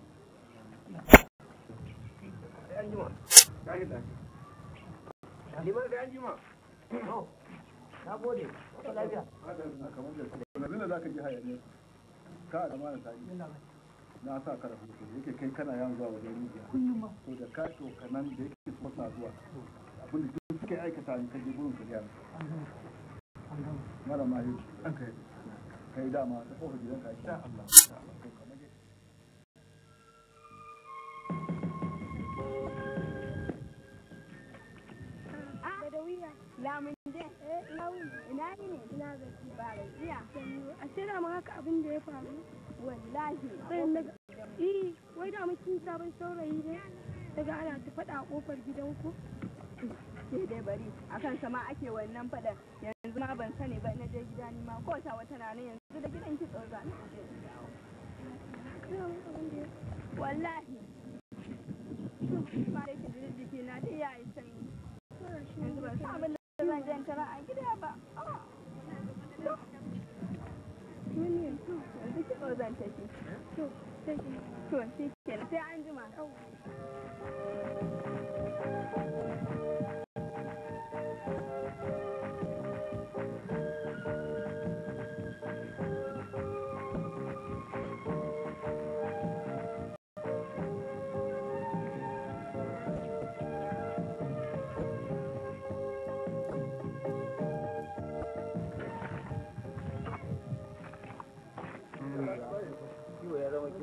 Speaker 1: anjima na
Speaker 2: da za ka ji hayaniyar ka da mara na sa ka yake kai kana yawan zuwa wajen rijiya to da ka to kanan da yake kuma sa zuwa abinda duk suka aikata ne ka je gurin ka gyara mara yi an kai kai dama ta kofar gidan ka ake
Speaker 1: wuya lamun dai eh, ina wuni ina ne ina gaji
Speaker 4: ba gajiya
Speaker 1: a sai da haka abin da ya faru wallahi sai na eh wai da mukin sabon saurayi ne daga ana ta faɗa a kofar gidanku ke dai bari akan sama ake wannan faɗan yanzu ma ban sani ba na je gida ni ma ko ta wata na yanzu da gidan ki tsoro zan wallahi ma da ke jiki na ta yayi ban san abin da zan a gida ba sai an jima.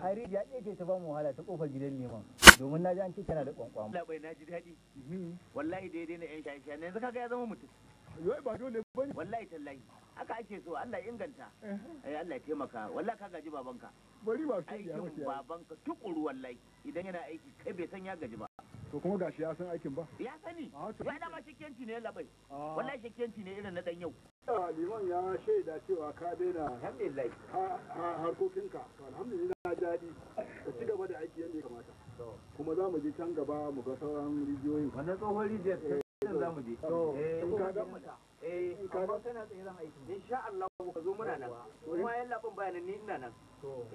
Speaker 1: Hariri ya ɗaya ta ba mu wahala ta kofar gidan neman domin na ji an ce tana da kwankwam. Allah bai na ji daɗi. Wallahi daidai na 'yan shaye-shaye yanzu kaga ya zama mutum. Yau ba dole ba ne. Wallahi tallahi. Haka ake so Allah ya inganta. Ai eh. eh, Allah ya taimaka. Wallahi ka gaji babanka. Bari
Speaker 2: ba su ya mace.
Speaker 1: babanka tukuru wallahi idan yana aiki kai bai san ya gaji ba.
Speaker 2: To kuma gashi ya san aikin ba.
Speaker 1: Ya sani. Ah, ya dama shakkiyanci ne labai. Ah. Wallahi shakkiyanci ne irin na dan yau. Ah,
Speaker 2: Liman ya shaida cewa ka daina
Speaker 1: harkokinka.
Speaker 2: Alhamdulillah. daɗi ka ci gaba da aiki yadda ya kamata kuma za mu je can gaba mu ga sauran rijiyoyin wannan tsohon rijiyar can eh. za mu je eh, in
Speaker 1: ka ga mata tana aiki insha Allah ka zo muna nan kuma yan labin bayanan ni ina nan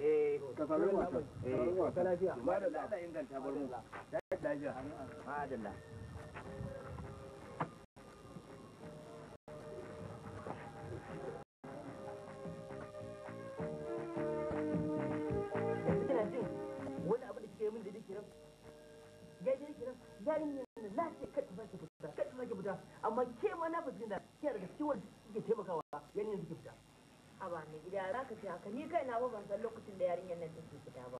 Speaker 1: eh. ka sami wata ka lafiya ma da Allah inganta bar mu da lafiya ma da Allah yarinyar da na ce kaɗi ba ki fita kaɗi ba ki fita amma ke ma na fita da kiyar daga ciwon suke taimakawa yarinyar suke fita a ba mai gida za ka ce haka ni kai na ba ban san lokacin da yarinyar nan take fita ba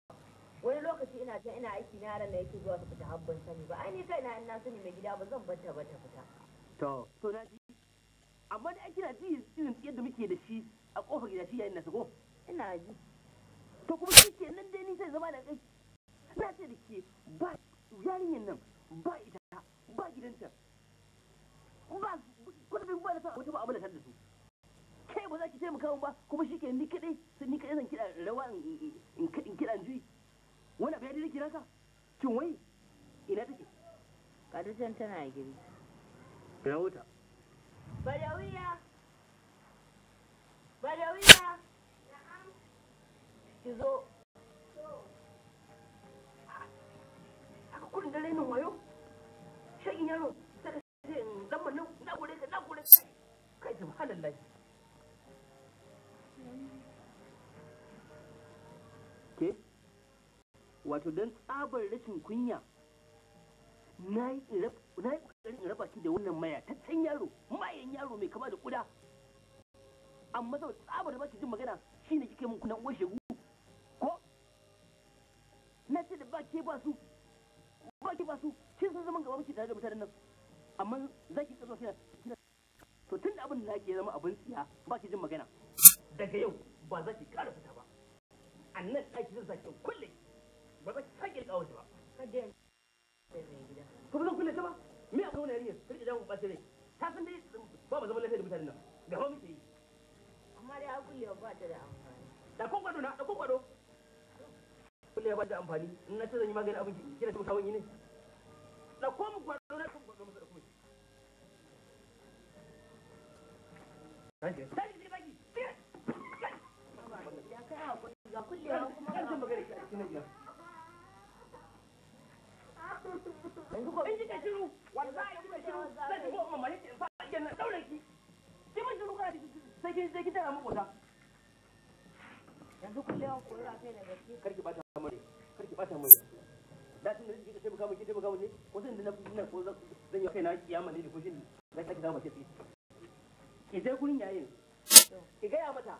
Speaker 1: wani lokaci ina can ina aiki na yaran da yake zuwa su fita har ban sani ba ai ni kai na ina sani mai gida ba zan bata ba ta fita to to na ji amma da ake na ji irin yadda muke da shi a kofar gida shi yayin nasa ko ina ji to kuma shi ke nan dai ni sai zama da kai na ce da ke ba yarinyar nan ba ita ba gidanta ba kudin ba da sa wata mu'amala da su kai ba za ki taimaka ba kuma shi ke ni kaɗai sun ni kaɗai zan kiɗa rawa in kiɗa juyi wani abu ya dai kira ka kin wai ina take kadujan tana gidi kirawo ta badawiya badawiya ki zo in wayo shagin yaro sai na gure ka na gure ka kai wato don tsabar rashin kunya na yi ƙoƙarin raba ki da wannan maya tattan yaro mayan yaro mai kama da kuda amma sau tsabar ba ki jin magana shi kike mun kunan uwar shegu ko na ce da ba ke ba su ba ki ba su kin san zaman gaba muke tare da mutanen nan amma za ki tsaro kina to tun da abin da ke zama abin tsiya ba ki jin magana daga yau ba za ki kara fita ba a nan ki zan sake kulle ba za ki sake kawo ba to ba zan kulle ta ba me a kauna yariyar kirki da ba sai ta san dai ba ba zaman lafiya da mutanen nan gaba muke yi amma dai a kulle ba ta da amfani da kon kwado na da kon kwado kulle ba ta da amfani in na ce zan yi magani abin ki kina ta mutawon yi ne da ko gwado na gwado masa da kuma ne baki. Ya kai ga kuma kan ki a cikin gida. in kika shiru wallahi kika shiru sai ki ko mamma ne daure ki. Ki mun shiru kana sai ki sai ki tara mu kota. Yanzu ko ra kai bata bata da tun da kike taimaka mu kike taimaka mu ne ko zan da na ko zan yi kai na kiyama ne da kushin zai saki zama sai ki je gurin yayin ki ga gaya mata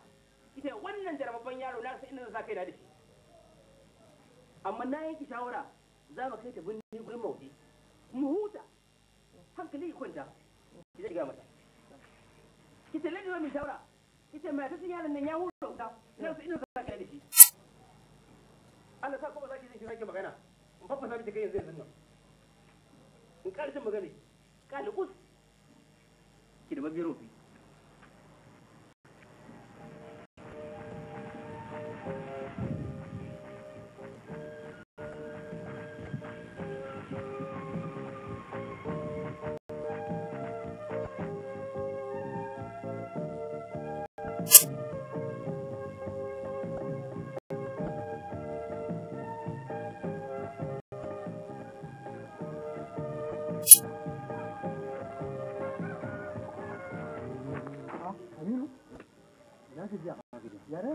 Speaker 1: ita wannan jarababban yaro na san inda zan sa kai na da shi amma na yanki shawara za mu kai ta binni gurin maudi mu huta hankali ya kwanta ki zai gaya mata ki tsalle da mai shawara ki ce mai tasin yaron nan ya hura na san inda zan sa kai da shi Allah sa kuma zaki zai kira ki magana fafasa da kai yanzu yanzu nan in magana ƙalikus ki da rufi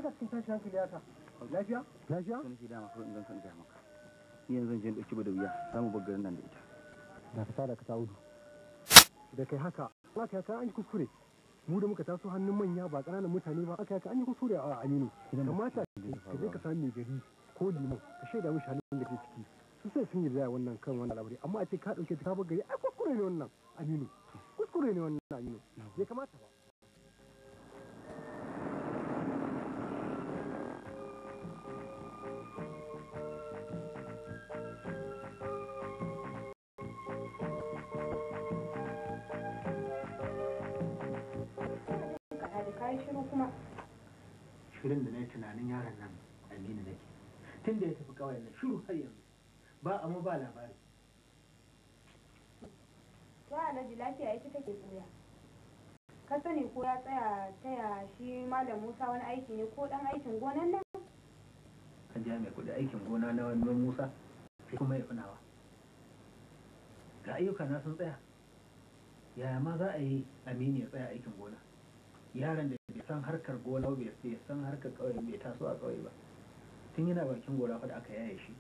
Speaker 1: da cutar shan kili haka lafiya lafiya kana yanzu zan je in dauki badawiya
Speaker 5: za mu bar garin nan da ita
Speaker 1: da fita da ka ta da kai haka haka ka an kuskure mu da muka taso hannun manya ba ƙananan mutane ba aka yaka an kuskure a aminu kamata
Speaker 2: ka je ka sami mai gari ko liman ka shaida mishi halin da ke ciki su sai sun yarda wannan
Speaker 1: kan wannan labari amma a ce ka ɗauke ta ka bar gari ai kuskure ne wannan aminu kuskure ne wannan aminu bai kamata ba kai shiru kuma shirin da na yi tunanin yaron nan aminu nake tun da ya tafi kawai na shiru har yanzu ba amma ba labari to alhaji lafiya ita take tsoya ka sani ko ya tsaya taya shi malam musa wani aiki ne ko dan aikin gonan nan kan ja mai kudi aikin gona na wani musa sai kuma ya funawa ga ayyuka na sun tsaya yaya ma za a yi aminu ya tsaya aikin gona yaran da san harkar gola bai san harkar ƙauye bai taso a ƙauye ba tun yana bakin gora fa aka yaye shi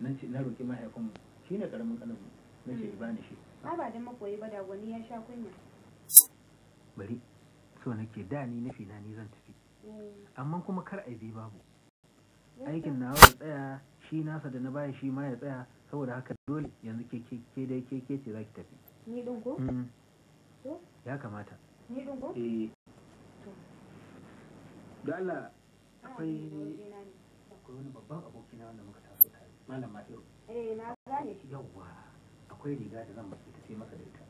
Speaker 1: nan ce na roki mahaifinmu shi ne ƙaramin ƙananmu na ce ba ni shi ba ba dan makoyi ba da wani ya sha kunya bari so nake da ni nufi na ni zan tafi mm. amma kuma kar a bi babu aikin na wa tsaya shi nasa da na baya shi ma ya tsaya saboda haka dole yanzu ke ke ke dai ke ke ce za tafi ni dinko mm. ya kamata ni dinko eh da Allah akwai akwai wani babban aboki na wanda muka taso tare malam mahiru eh na gane shi yawa akwai riga da zan maki ta ce maka da ita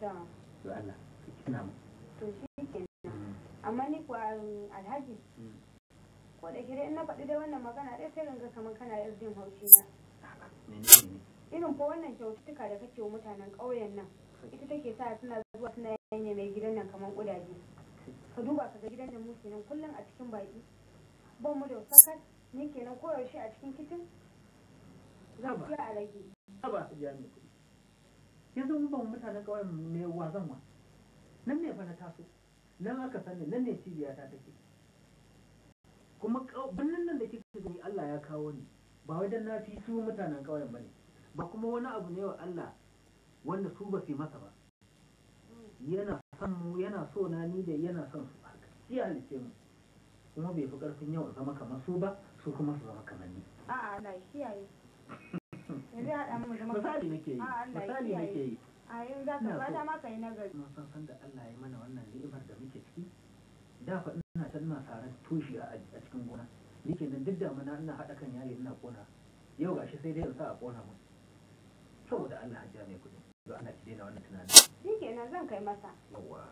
Speaker 1: da Allah ka kina mu to shi kenan mm. amma ni kwa um, alhaji mm. ko da kire in na faɗi da wannan magana dai sai ranga kamar kana yar jin haushi na irin ko wannan kyaututtuka da kake wa mutanen ƙauyen nan ita take sa suna zuwa suna yanya mai gidan nan kamar ƙudaje ka duba ka ga gidan da mu kenan kullum a cikin baki Ba mu da sakat ni kenan koyaushe a cikin kitin gaskiya a rage haba ya mai kuɗi yanzu mun ba mutanen kawai wa zan wa nan ne fa na taso nan aka sani nan ne cibiya ta take kuma birnin nan da kike gani Allah ya kawo ni ba wai dan na fi su mutanen ƙauyen bane ba kuma wani abu ne wa Allah wanda su ba su masa ba yana san yana so na ni da yana son su haka shi halice mu kuma bai fi karfin yau zama kamar su ba su kuma su zama kamar ni a'a Allah ya san da Allah ya mana wannan ni'imar da muke ciki da fa ina ta ina sarar a cikin gona yake nan duk damuna ina haɗa kan yayi ina kona yau gashi sai dai in sa a kona mu saboda Allah ya ja mai kuɗi ana ki daina wannan tunanin shi kenan zan kai masa yawa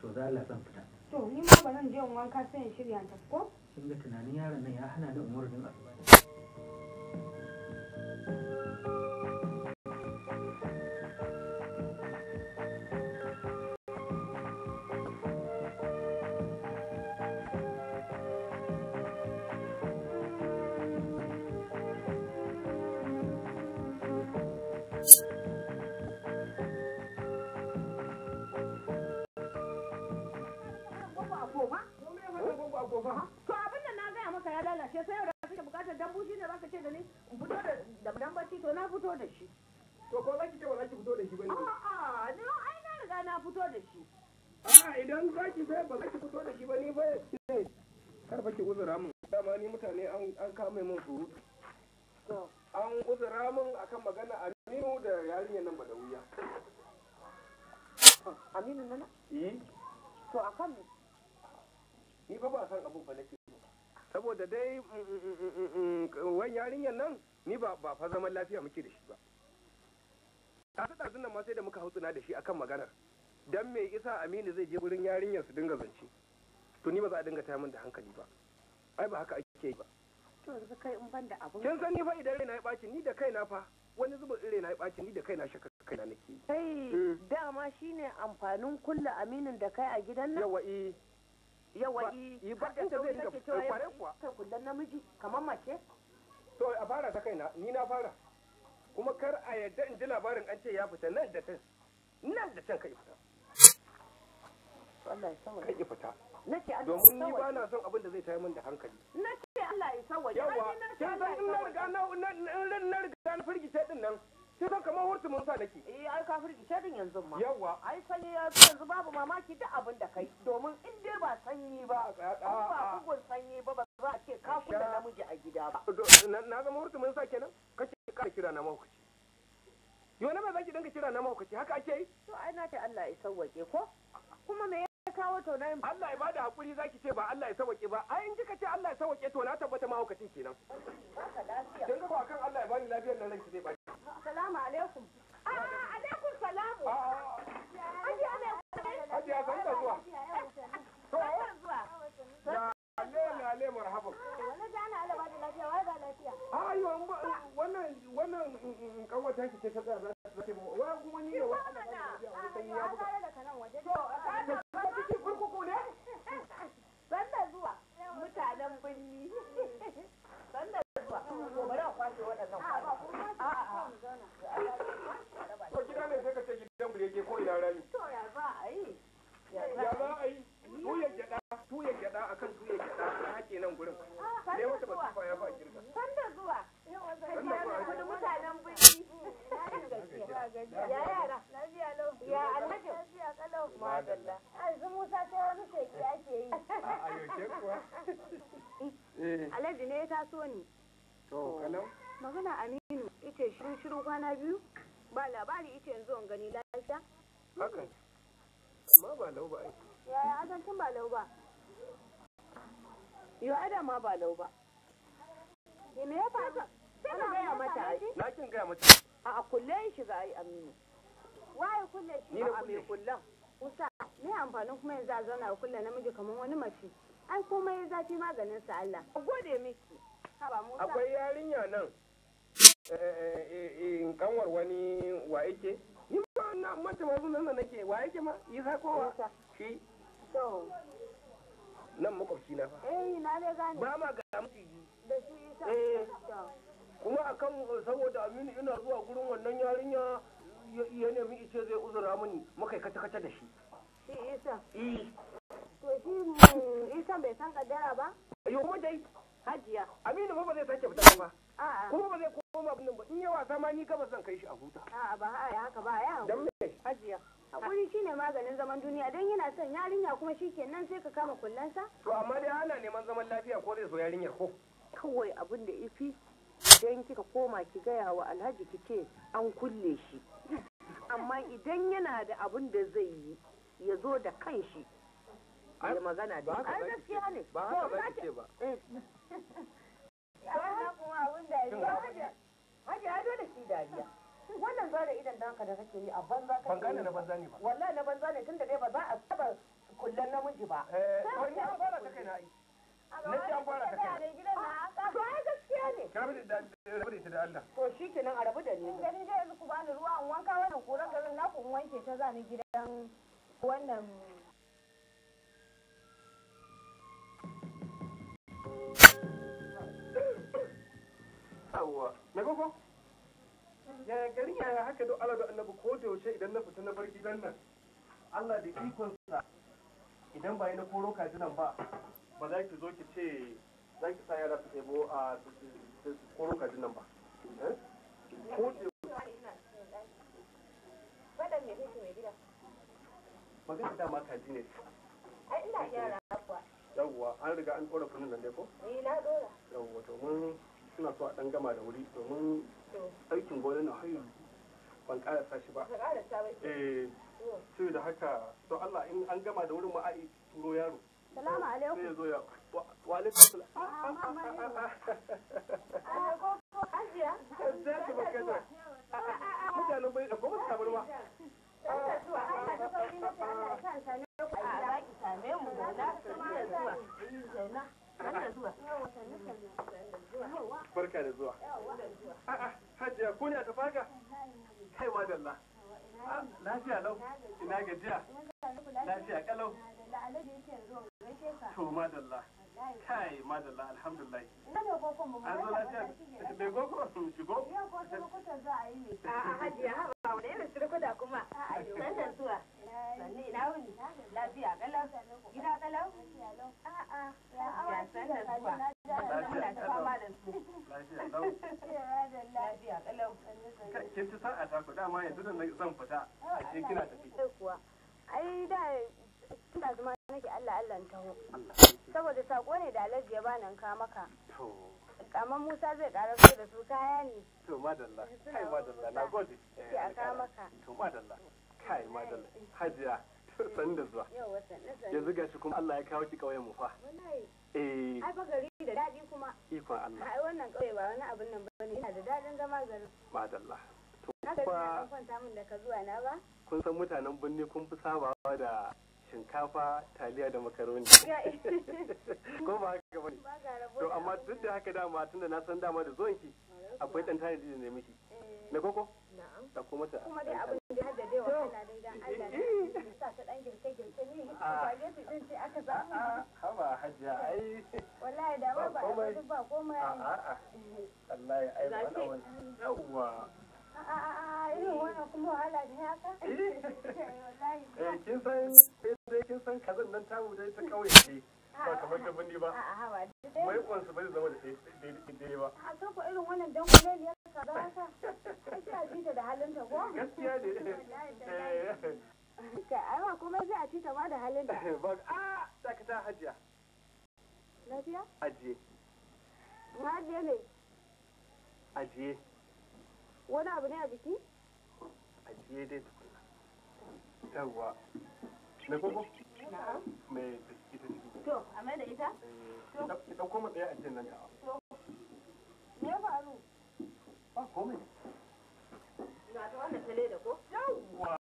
Speaker 1: to za Allah zan fita to ni ma ba zan je in wanka sai in shirya ta ko kin ga tunanin yaron nan
Speaker 5: ya hana ni umurin asuba
Speaker 1: ya lalace sai yau da kake bukatar dambu shi ne ka ce da ni in fito da dambaci to na fito da shi to ko zaki ce ba zaki fito da shi bane a'a ni ai na riga na fito da shi a'a idan zaki sai ba zaki fito da shi ba ni ba kar fa ki uzura min dama ni mutane an an kame min surutu an uzura min akan magana a Aminu da yarinyar nan Badawiya Aminu nana eh to akan ni ba ba san abin ba nake saboda dai mm, mm, mm, wani yarinyar nan ni ba ba fa zaman lafiya muke da shi ba a tsatsun nan ma sai da muka hautsuna da shi akan maganar dan me isa aminu zai je wurin yarinyar su dinga zance to ni ba za a dinga tayar min da hankali ba ai ba haka ake yi ba to yanzu kai in ban da abun kin sani fa idan na ya ɓaci ni da kaina fa wani zubin irin na ya ɓaci ni da kaina shaka kaina nake kai eh. dama shine amfanin kulla aminin da kai a gidan nan yawa eh yawa yi ba in ta zai da kware kuwa kai kullun namiji kamar mace to a fara ta kaina ni na fara kuma kar a yadda in ji labarin an ce ya fita nan da can nan da can kai fita Allah ya kai fita nace domin ni ba na son abin da zai tayar min da hankali nace Allah ya sawa yawa kin san in na riga na na riga na firgice din nan sai zan kamar hurtu mun sa nake eh ai ka firgi shadin yanzu ma yawa ai sanyi ya zo yanzu babu mamaki duk abin da kai domin in dai ba sanyi ba ba bugun sanyi ba ba za a ce ka kula namiji a gida ba na zama hurtu mun sa kenan kake kara kira na mahaukaci Yo na ba zaki dinka kira na mahaukaci haka ake yi to ai na ce Allah ya sauwake ko kuma me kawo to nan Allah ya bada hakuri zaki ce ba Allah ya sauke ba ai in kika ce Allah ya sauke to na tabbata ma hukacin kenan kin ga ba kan Allah ya bani lafiyar nan ranki zai bani assalamu alaikum a ah, ah, ah, alaikum salamu aji ana aji ya san da zuwa to zuwa lalle lalle marhaban wannan da ana Allah bada lafiya wai ba lafiya ai wannan wannan kawata mm, mm, mm, ki ce ta za ta ce wa kuma ni ma ba lau ba. Ina eh, ya faru? Sai ka gaya mata ai. Na kin gaya mata. A a kulle shiga ai Aminu. Waye kulle shi? Ni ne kulle kullan. Musa, me amfanin kuma yanzu a zauna a kulle namiji kamar wani mace? Ai kuma ya zafi maganin sa Allah. A Gode miki. Akwai yarinya nan. Eh, eh, in kanwar wani wa yake? Ni ma na mace ma da nake wa yake ma? Isa kowa? Shi. nan makwabci na fa eh na dai gane ba ma ga maciji da shi isa eh kuma akan saboda Aminu ina zuwa gurin wannan yarinya ya nemi ice zai uzura mini muka kata kata da shi shi isa eh to shi isa bai san kaddara ba yo mu dai hajiya Aminu ba zai sake fita ba kuma ba zai koma abin ba in yawa sama ni ka ba zan kai shi a huta a'a ba haka ba ya hajiya hakuri shine maganin zaman duniya don yana son yarinya kuma shi shikenan sai ka kama kullansa to amma dai ana neman zaman lafiya ko zai so yarinyar ko kawai abin da ifi idan kika koma ki gaya wa alhaji ki ce an kulle shi amma idan yana da abin da zai yi ya zo da kanshi ya magana da ai gaskiya ne ba haka ba ce ba ya eh. kuma abin da ya dariya wannan zara idan da haka da kake yi a banza kake ban gane na banza ne ba wallahi na banza ne tunda dai ba za a saba kullan namiji ba eh wani an fara ta kai na ai na ce an fara ta kai ah, to ai gaskiya ne ka rabu da rabu da ita da Allah to shikenan a rabu da ni gari dai yanzu ku bani ruwa in wanka wannan koran garin na ku wanke ta zani gidan wannan
Speaker 5: Awa, me koko? ya gari yaya
Speaker 1: haka don Allah don annabi ko da yaushe idan na fita na bar gidan nan Allah da ikonsa.
Speaker 2: idan ba na koro kajinan ba ba za ki zo ki ce za ki sa yara su
Speaker 1: ɗebo a koro kajinan ba eh? ko da Faɗan me kake mai gida? Magana dama kaji ne. Ai ina gyara kuwa. Yawwa an riga an ɗora kunun nan dai ko? Ni eh, na ɗora.
Speaker 2: Yawwa to suna so a dan gama da wuri domin aikin gona na hayu ban karasa shi ba eh sai da haka to Allah in an gama da wurin ma'a'i ai turo yaro
Speaker 1: salamu alaikum sai zo ya Thank
Speaker 3: you. barka da zuwa a'a
Speaker 2: hajiya ko ne a tafaga
Speaker 3: kai wa dalla
Speaker 1: ah, lafiya lau ina gajiya lafiya kalau to ma dalla. kai
Speaker 2: ma dalla alhamdulillah ina
Speaker 1: da gogon mu an zo lafiya da gogon shigo yau ko sai kuta za a yi ne a'a hajiya haba wani irin sirkuda kuma A yi nan zuwa gida a'a ya da lafiya ta da a ce da taho saboda sako ne da Alhaji ya bani ka maka amma Musa zai karaso da su kaya ne to madalla kai madalla maka to madalla kai madalla hajiya san da zuwa yanzu ga shi kuma Allah ya kawo ki kauyen mu fa eh ai ba gari da dadi kuma ikon Allah ai wannan kauye ba wani abin nan bane ina da dadin zama garin madalla to kun kwanta min da ka zuwa na ba kun san mutanen birni kun fi sabawa da shinkafa taliya da makaroni ko ba haka bane to amma duk da haka dama tunda na san dama da zuwanki akwai dan tare da ne miki na eh. koko da kuma ta kuma dai abin da ya da dai wahala dai dan Allah ne eh. sa ta dan girke girke ne ah. spaghetti din ce aka ah, ah. hajja ai
Speaker 4: wallahi da ba ba ba komai a a
Speaker 1: wallahi ai ba yawa eh. eh, ta kauye ba kamar ta bindi ba mai kwansu bai zama da
Speaker 2: daidai ba
Speaker 1: a to irin wannan dan ne ya ka za ka ake ajita da halinta ko gaskiya ne ka aiwa kuma zai a cita ma da halinta ba
Speaker 2: a dakata hajiya lafiya ajiye hajiye ne ajiye
Speaker 1: wani abu ne a biki
Speaker 2: ajiye dai tukuna yawwa me koko me
Speaker 1: To, a mai da ita?
Speaker 2: Ki ɗauko mu ɗaya a cikin nan
Speaker 1: To, me ya faru? Ba komai. Ga ta wannan ta leda ko? Yawwa!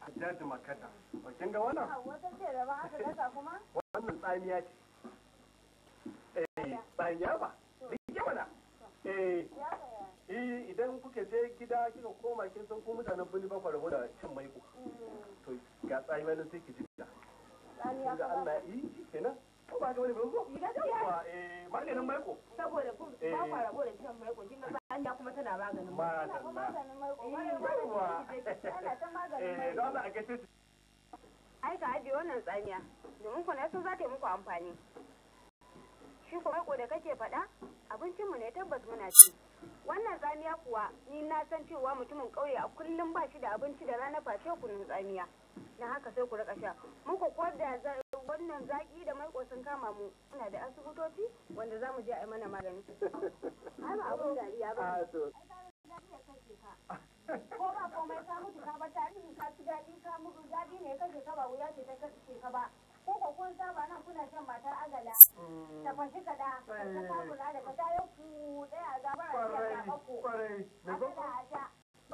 Speaker 1: A jaji makata. Ba kin ga wannan? Wata ce da ba aka gasa kuma? Wannan tsamiya ce. Eh, ya ba.
Speaker 5: Rike mana.
Speaker 1: Eh. Eh, idan kuke je gida kika koma kin san ko mutanen birni ba ku rabu da cin maiko. Mm. To, ga tsamiya nan sai ki ji gida. da Allah ya wani eh, saboda ba eh. rabo da maiko kuma tana maganin a ai ka ajiye wannan tsamiya domin ku na za ta yi muku amfani shi kuma maiko da kake faɗa abincinmu ne tabbas muna ci wannan tsamiya kuwa ni na san cewa mutumin ƙauye a kullum ba shi da abinci da ranar face kunun tsamiya Na haka sai ku raka sha muka kwadda wannan zaki da mai kosan kama mu ina da asibitoci wanda zamu je a yi mana magani ai ba abun dariya ba ah, ko ba komai ka mutu ka ba ni ka ci dadi ka mutu dadi ne kake ka ba wuya ce ta kace ka ba ko ko kun saba nan kuna shan matar agala mm. ta fashi kaɗa ta kula da ka tayo ku ɗaya a ba a
Speaker 3: cikin ba a
Speaker 1: ba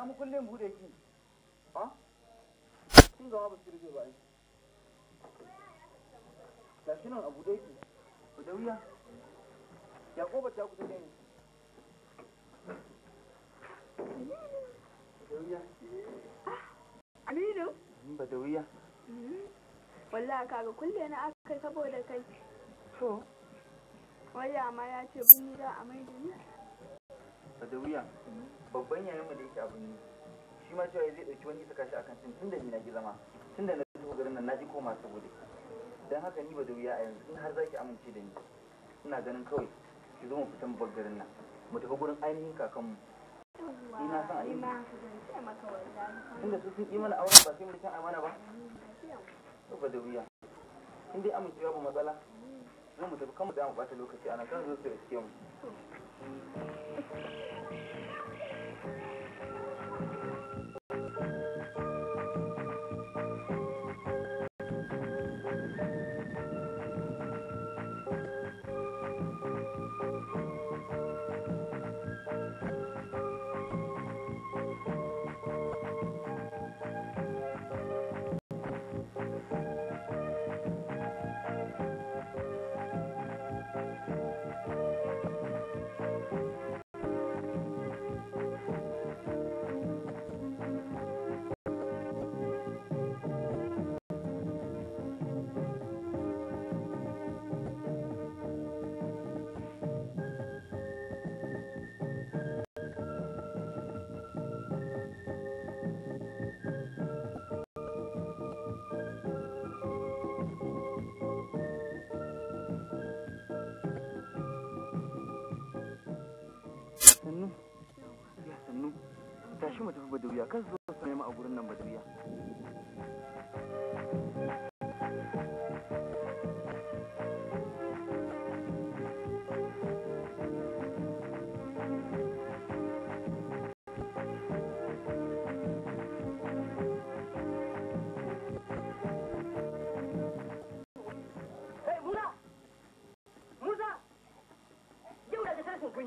Speaker 1: ina mu kullum bude ki ha kin ga ba su rige ba ai shi nan abu da yake ku da wuya ya ko ba ta ku da ne Aminu? Hmm, ba da wuya. Hmm. Walla ka ga kulle na aka saboda kai. To. Waya ma ya ce bin za a mai da ni. sadawiya babban yayin mu da yake abu ne shi ma cewa zai dauki wani saka shi akan cin tunda ni na ji zama tunda na tafi garin nan na ji koma saboda dan haka ni ba da wuya a yanzu in har zaki amince da ni ina ganin kawai ki zo mu fita mu bar garin nan mu tafi gurin ainihin kakanmu
Speaker 4: ina san a yi tunda su
Speaker 1: sun yi mana aure ba sai mu can amana ba to ba da wuya in dai amincewa ba matsala zo mu tafi kan mu da mu bata lokaci ana kan zo su riske mu Thank you. shi mu tafi baduriya kan zo su nema a gurin nan baduriya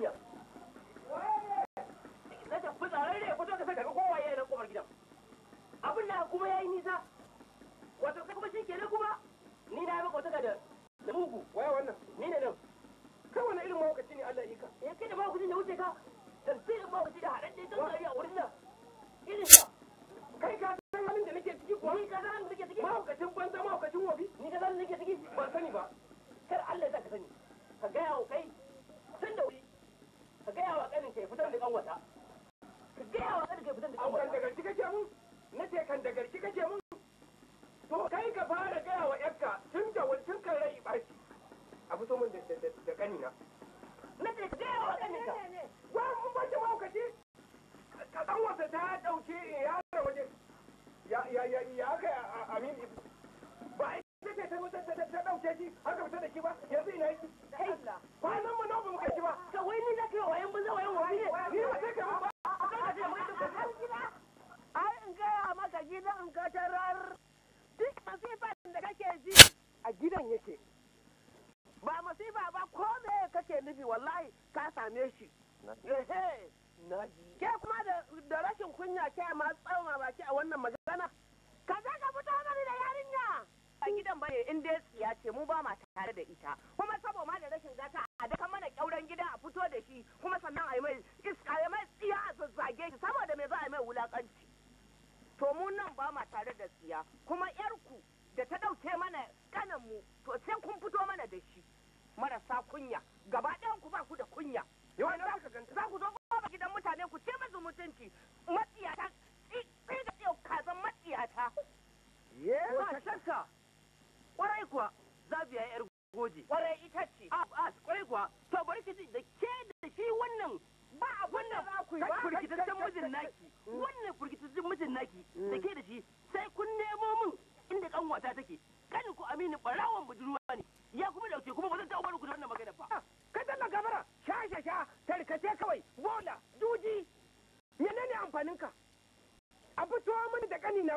Speaker 1: Yeah.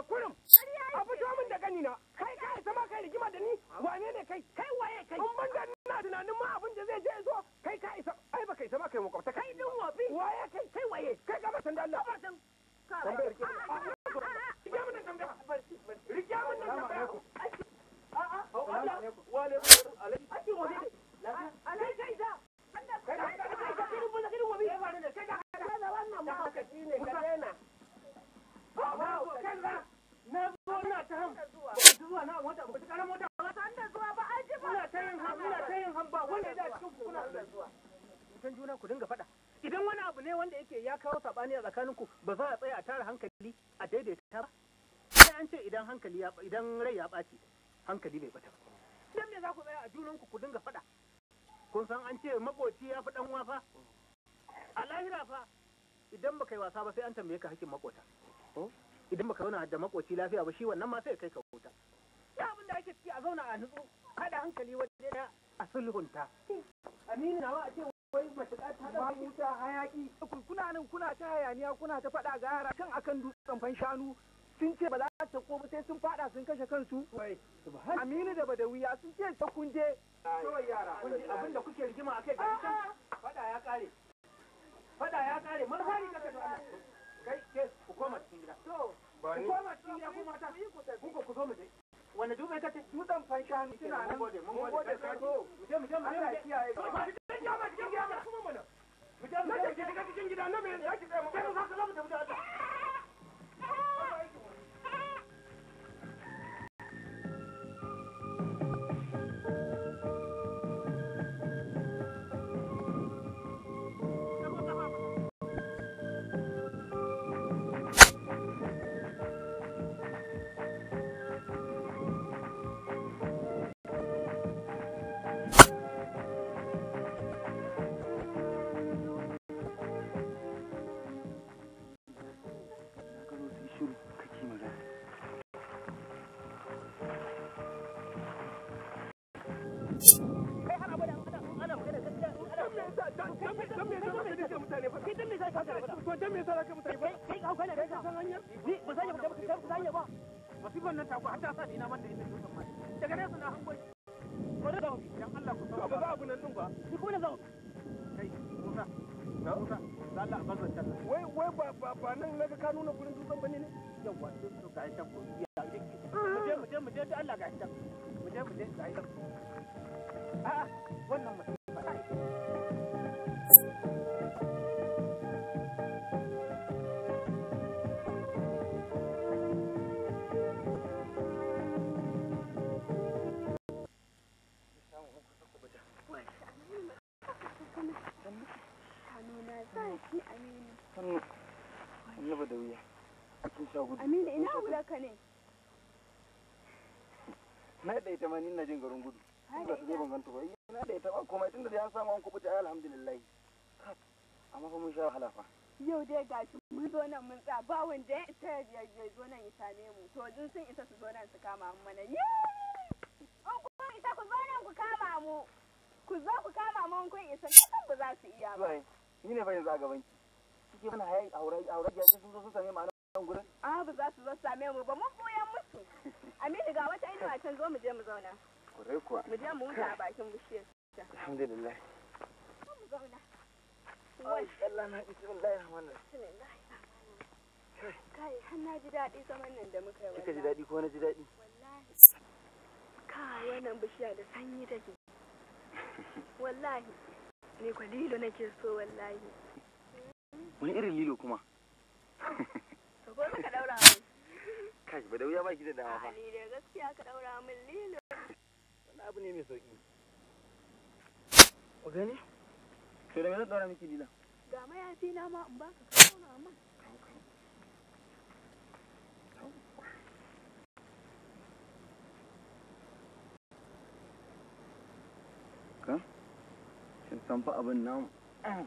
Speaker 1: kurum abu fito min da na kai kai sama kai rigima da ni wane ne kai kai waye kai in ban da ina tunanin ma abin lafiya ba shi wannan ma sai kai ka huta ya abin da ake ciki a zauna a nutsu kada hankali waje da a sulhunta aminu nawa a ce Thank you. ya ba masifan nan taku har ta sa ina man da inda yau tsammani daga nesa na hango ko da zamu dan Allah ku sauka ba abu nan din ba ko da kai Musa Musa da Allah bazan ta wai wai ba ba ba nan ka nuna gurin dutsen bane ne ga ta ko ya mu je mu je mu je da Allah ga ta mu je mu je ga ta wannan
Speaker 5: Annaba da wuya. Kin sha gudu. ina ne? Na
Speaker 1: da ita ma jin garin gudu. Ba su eh, ba. Na da ita ba komai tunda da ya samu an kubuta ai alhamdulillah. Amma fa mun sha wahala fa. Yau dai gashi mun zo nan mun tsaya ba wanda ya isa ya zo nan ya same mu. To dun sun isa su zo nan su kama mu mana. An ku isa ku zo ku kama mu. Ku zo ku kama mu kun isa. san ba za su iya ba. Ni ne fa yanzu a gaban ki. ciki mana hayi aure aure ya sun zo sun same mu nan gurin a ba za su zo same mu ba mun koya musu aminu ga wata inuwa can zo mu je mu zauna
Speaker 5: kurai kuwa mu je mu huta a
Speaker 1: bakin bishiyar
Speaker 5: alhamdulillah
Speaker 4: mu zauna
Speaker 1: na ji daɗi zaman nan da muka yi wallahi kika ji daɗi ko na ji daɗi wallahi bishiya da sanyi take wallahi ni kwalilo nake so wallahi wani irin lilo kuma ka daura kai ba da wuya ba da dama fa wani abu ne mai sauki ku gani to miki lilo ga mayafi na ma in baka ka daura min
Speaker 6: ka san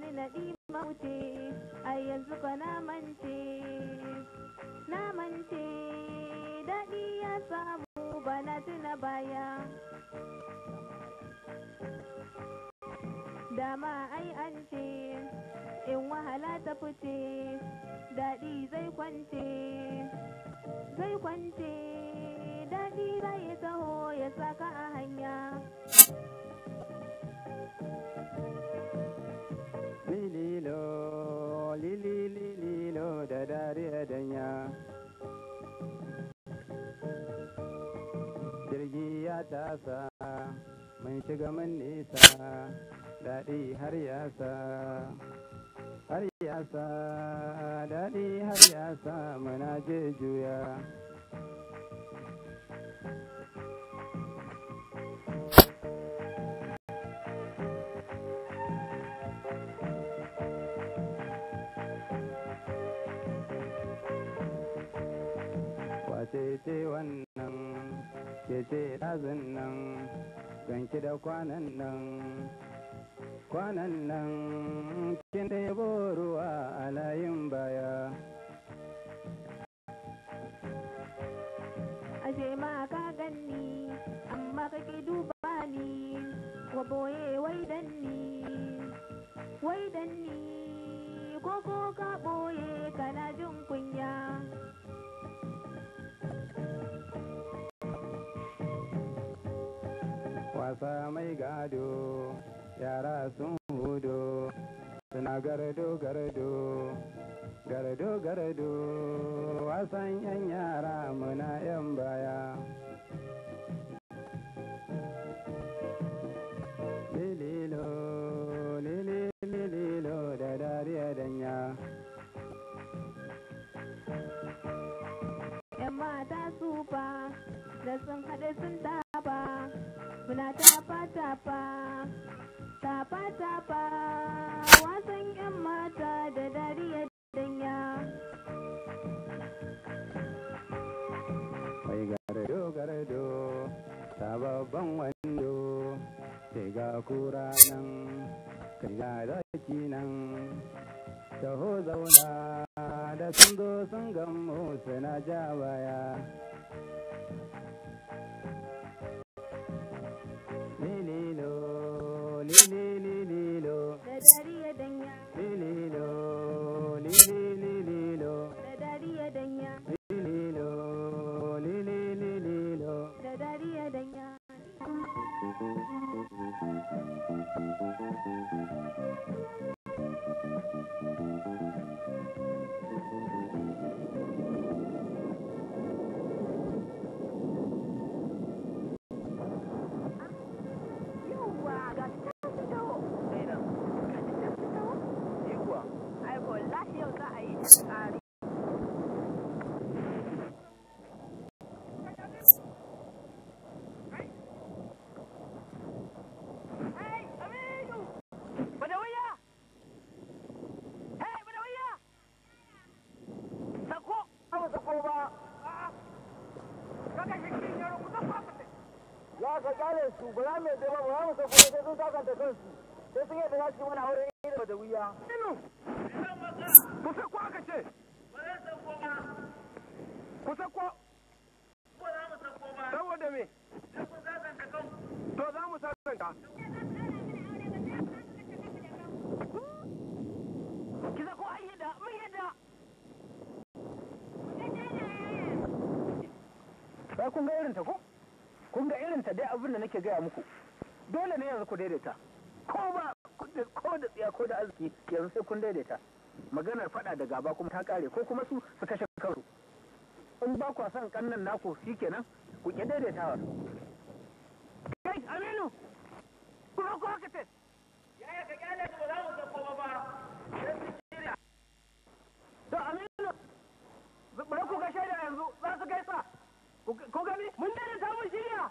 Speaker 4: ni naɗi mauce a yanzu ka na mance na mance daɗi ya samu ba na tuna baya dama ai an ce in wahala ta fice daɗi zai kwance zai kwance daɗi zai taho ya saka a hanya
Speaker 5: danya jirgi ya tasa mun shiga mun nisa daɗi har yasa har yasa daɗi har yasa muna je juya ce wannan ce ɗazin nan ganki da kwanan nan kwanan nan kin yabo ruwa a layin baya
Speaker 4: Aje ma ka ganni amma kake duba ni wa boye wai danni wai danni ko ko ka boye kana jin kunya
Speaker 5: matasa mai gado yara sun hudo suna gardo gardo gardo gardo wasan yan yara muna yan baya lililo lililo da dariya danya
Speaker 4: yan mata su fa da sun haɗe sun ta tapa muna tapa tapa tapa tapa wasan yan mata da dariya danya
Speaker 5: mai garado garado sababban wando shiga kura nan shiga zaki nan taho zauna da sun zo sun gammu suna ja baya
Speaker 4: Thank you.
Speaker 1: kyale su ba ba. Ko mu ba. me? kun To za mu kun ga irin ta ko? irin ta dai abin da nake gaya muku dole ne yanzu ku daidaita ko ba ko da tsiya ko da arziki yanzu sai kun daidaita maganar fada da gaba kuma ta kare ko kuma su su kashe kansu in ba ku san kannan naku kenan ku ki wa kai aminu ku ba ku haka yaya ka kyale ba za mu ga kowa ba to aminu bari ku ga shaida yanzu za su gaisa ko gani mun daidaita mun shirya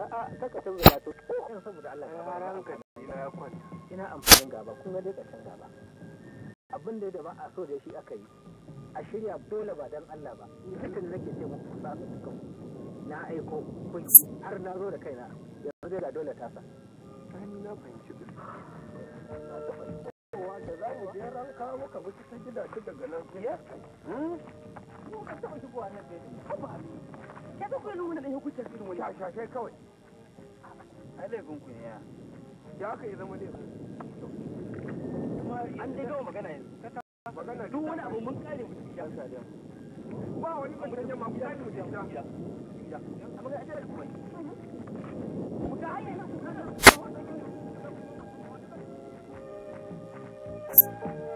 Speaker 1: a'a kaka canza ya to in saboda Allah ya ba ka ina kwanta ina amfanin gaba kun ga dai karshen gaba abin da da ba a so da shi aka yi a shirya dole ba dan Allah ba ni haka nake ce muku sa su dukan na aiko kun har na zo da kaina yanzu dai ga dole ta sa ni na fahimci duk da za mu je ran kawo ka wasu ta gidaje daga nan ya hmm? ko ka taɓa shigowa nan dai ba ba ke ka koyi nuna da hukuncin irin wani shashashai kawai ai laifin ku ne ya ya yi zama laifin an dai gawa magana yanzu duk wani abu mun kare mu cikin yansa da wani mu a ajiyar kuma Thank you.